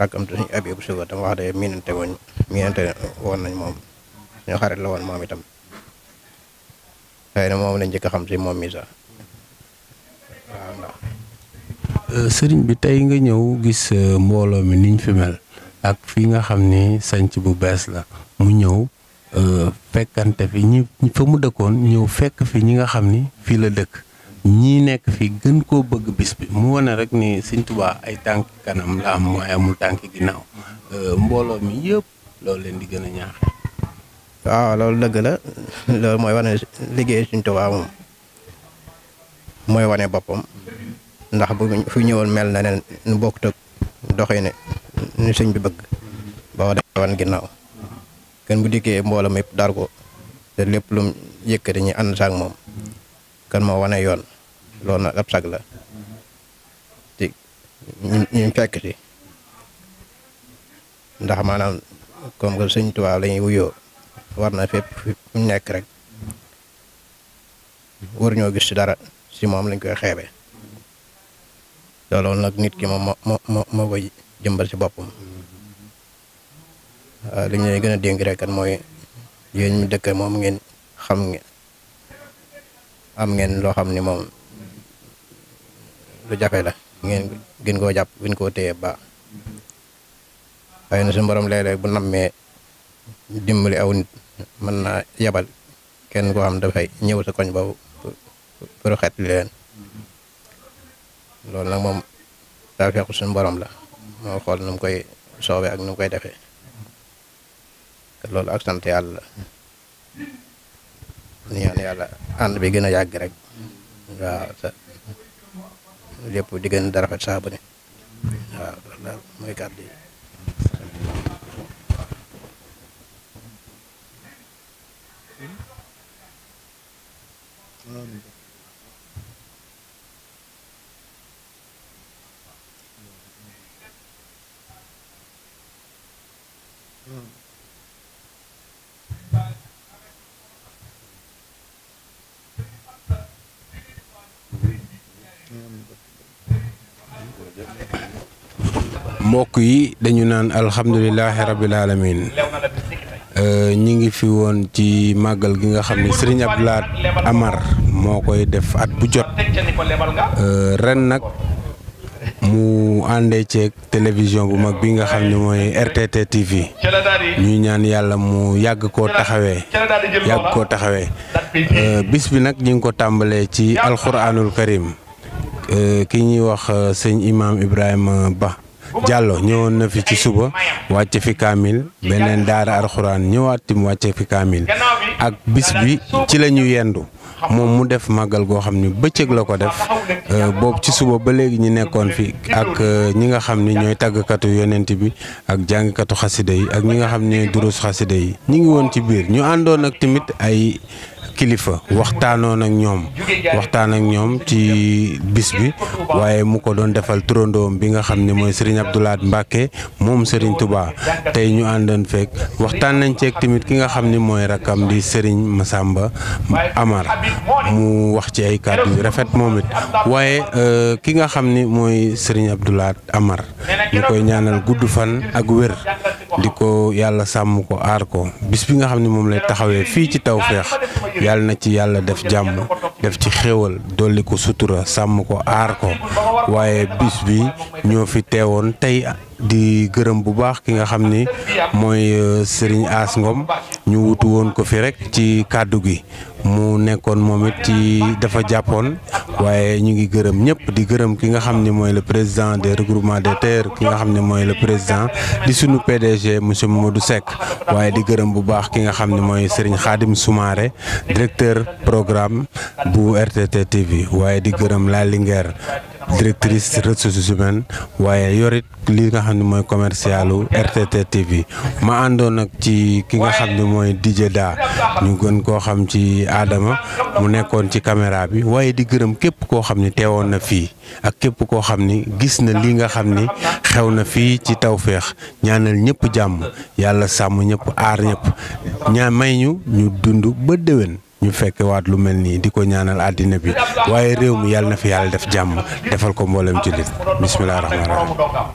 rakam te suñu abibu suga tam wax dëgg miinante woon miinante woon nañ moom ñoo xarit la woon moom itam xëy na moom lañ njëkk xam si moom mi sëriñ euh, bi tey nga ñëw gis euh, mbooloo mi niñ fi mel ak fi nga xam ni sanc bu bees la mu ñëw euh, fekkante fi ñi fa mu dëkkoon ñëw fekk fi ñi nga xam ni fii la dëkk ñii nekk fi gën koo bëgg bis bi mu wane rek ni Sëriñ Tuubaa ay tànk kanam la am waaye amul tànk ginnaaw mbooloo mi yëpp loolu leen di gën a ñaax waaw loolu dëgg la loolu mooy wane liggéey suñ Tuubaa moom mooy wane boppam ndax bu fi ñëwoon mel na ne nu bokkut ak doxee ne ni sëñ bi bëgg boo demee ginnaaw kenn bu dikkee mbooloo mi dargo te lépp lu mu yëkkati ñu ànd saak moom kan moo wane yoon loolu nag ab sag la te ñu fekk si ndax maanaam comme que sëñ Tuubaa la wuyoo war na fépp fi nekk rek war ñoo gis ci dara si moom lañ koy xeebe loolu nag nit ki moom moo moo moo koy jëmbal si boppam waaw li ñu gën a dénk rek mooy yéen mu dëkk moom ngeen xam ngeen am ngeen loo xam ni moom lu jafe la ngeen gën koo jàpp gën koo téye ba xëy na suñu borom léeg bu nammee dimbali aw nit mën naa yabal kenn koo xam dafay ñëw sa koñ boobu pour xet leen loolu nag moom daa fekk suñu borom la moo xool nu koy soobee ak nu mu koy defee loolu ak sant yàlla la ñaan yàlla ànd bi gën a yàgg rek waaw lépp di gën a rafet saa bu ne waaw loolu daal mooy kàddu yi mbokk yi dañu naan alhamdulilahi rabbil alamin Euh, ñi ngi fi woon ci màggal gi nga xam ne Serigne Abdou Lahad moo koy def at bu jot euh, ren nag mu àndee ceeg télévision bu mag bi nga xam ne mooy RTT TV ñuy ñaan yàlla mu yàgg koo taxawee yàgg koo taxawee euh, bis bi nag ñi ngi ko tàmbalee ci alxuraanul karim ki ñuy wax sëñ imaam Ibrahima Ba. Diallo ñëwoon na fi ci suba wàcce fi kaamil beneen daara alxuraan ñëwaat tim wàcce fi kaamil ak bis bi ci la ñu yendu moom mu def màggal goo xam ni bëccëg la ko def euh, boobu ci suba ba léegi ñi nekkoon fi ak euh, ñi nga xam ni ñooy tàggkatu yonent bi ak jàngkatu xasida yi ak ñi nga xam ne durus xasida yi ñu ngi woon ci biir ñu àndoon ak tamit ay kilifa waxtaanoon ak ñoom waxtaan ak ñoom ci bis bi waaye mu ko doon defal turandoom bi nga xam ne mooy Serigne Abdou Lahad moom Serigne Touba tey ñu àndoon fekk waxtaan nañ ceeg tamit ki nga xam ni mooy rakkam di Serigne Massamba Amar mu wax ci ay kàddu yu rafet moom it waaye euh, ki nga xam ni mooy Serigne Abdou Lahad Amar ñu koy ñaanal gudd fan ak wër di ko yàlla sàmm ko aar ko bis bi nga xam ne moom lay taxawee fii ci Tawfekh yàlla na ci yàlla def jàmm def ci xéewal dolli ko sutura sàmm ko aar ko waaye bis bi ñoo fi teewoon tey di gërëm bu baax ki nga xam ni mooy euh, Serigne As ngoom ñu wutu woon ko fi rek ci kàddu gi mu nekkoon moom it ci dafa jàppoon waaye ñu ngi gërëm ñëpp di gërëm ki nga xam ni mooy le président de regroupements des terres ki nga xam ne mooy le président di sunu PDG monsieur du sekk waaye di gërëm bu baax ki nga xam ni mooy Serigne Khadim Soumaré directeur programme bu RTT TV waaye di gërëm laa Linguère directrice ressources humaines waaye yorit li nga xam ne mooy commercialu RTT TV ma àndoon nag ci ki nga xam ne mooy DJ ñu gën koo xam ci aadama mu nekkoon ci caméra bi waaye di gërëm képp koo xam ni teewoon na fii ak képp koo xam ni gis na li nga xam ni xew na fii ci Tawfekh ñaanal ñëpp jàmm yàlla sàmm ñëpp aar ñëpp ñaa may ñu ñu dund ba déwén ñu fekke waat lu mel nii di ko ñaanal àddina bi waaye réew mi yàlla na fi yàlla def jàmm defal ko mboolem jullit bisimilah rahmaani rahim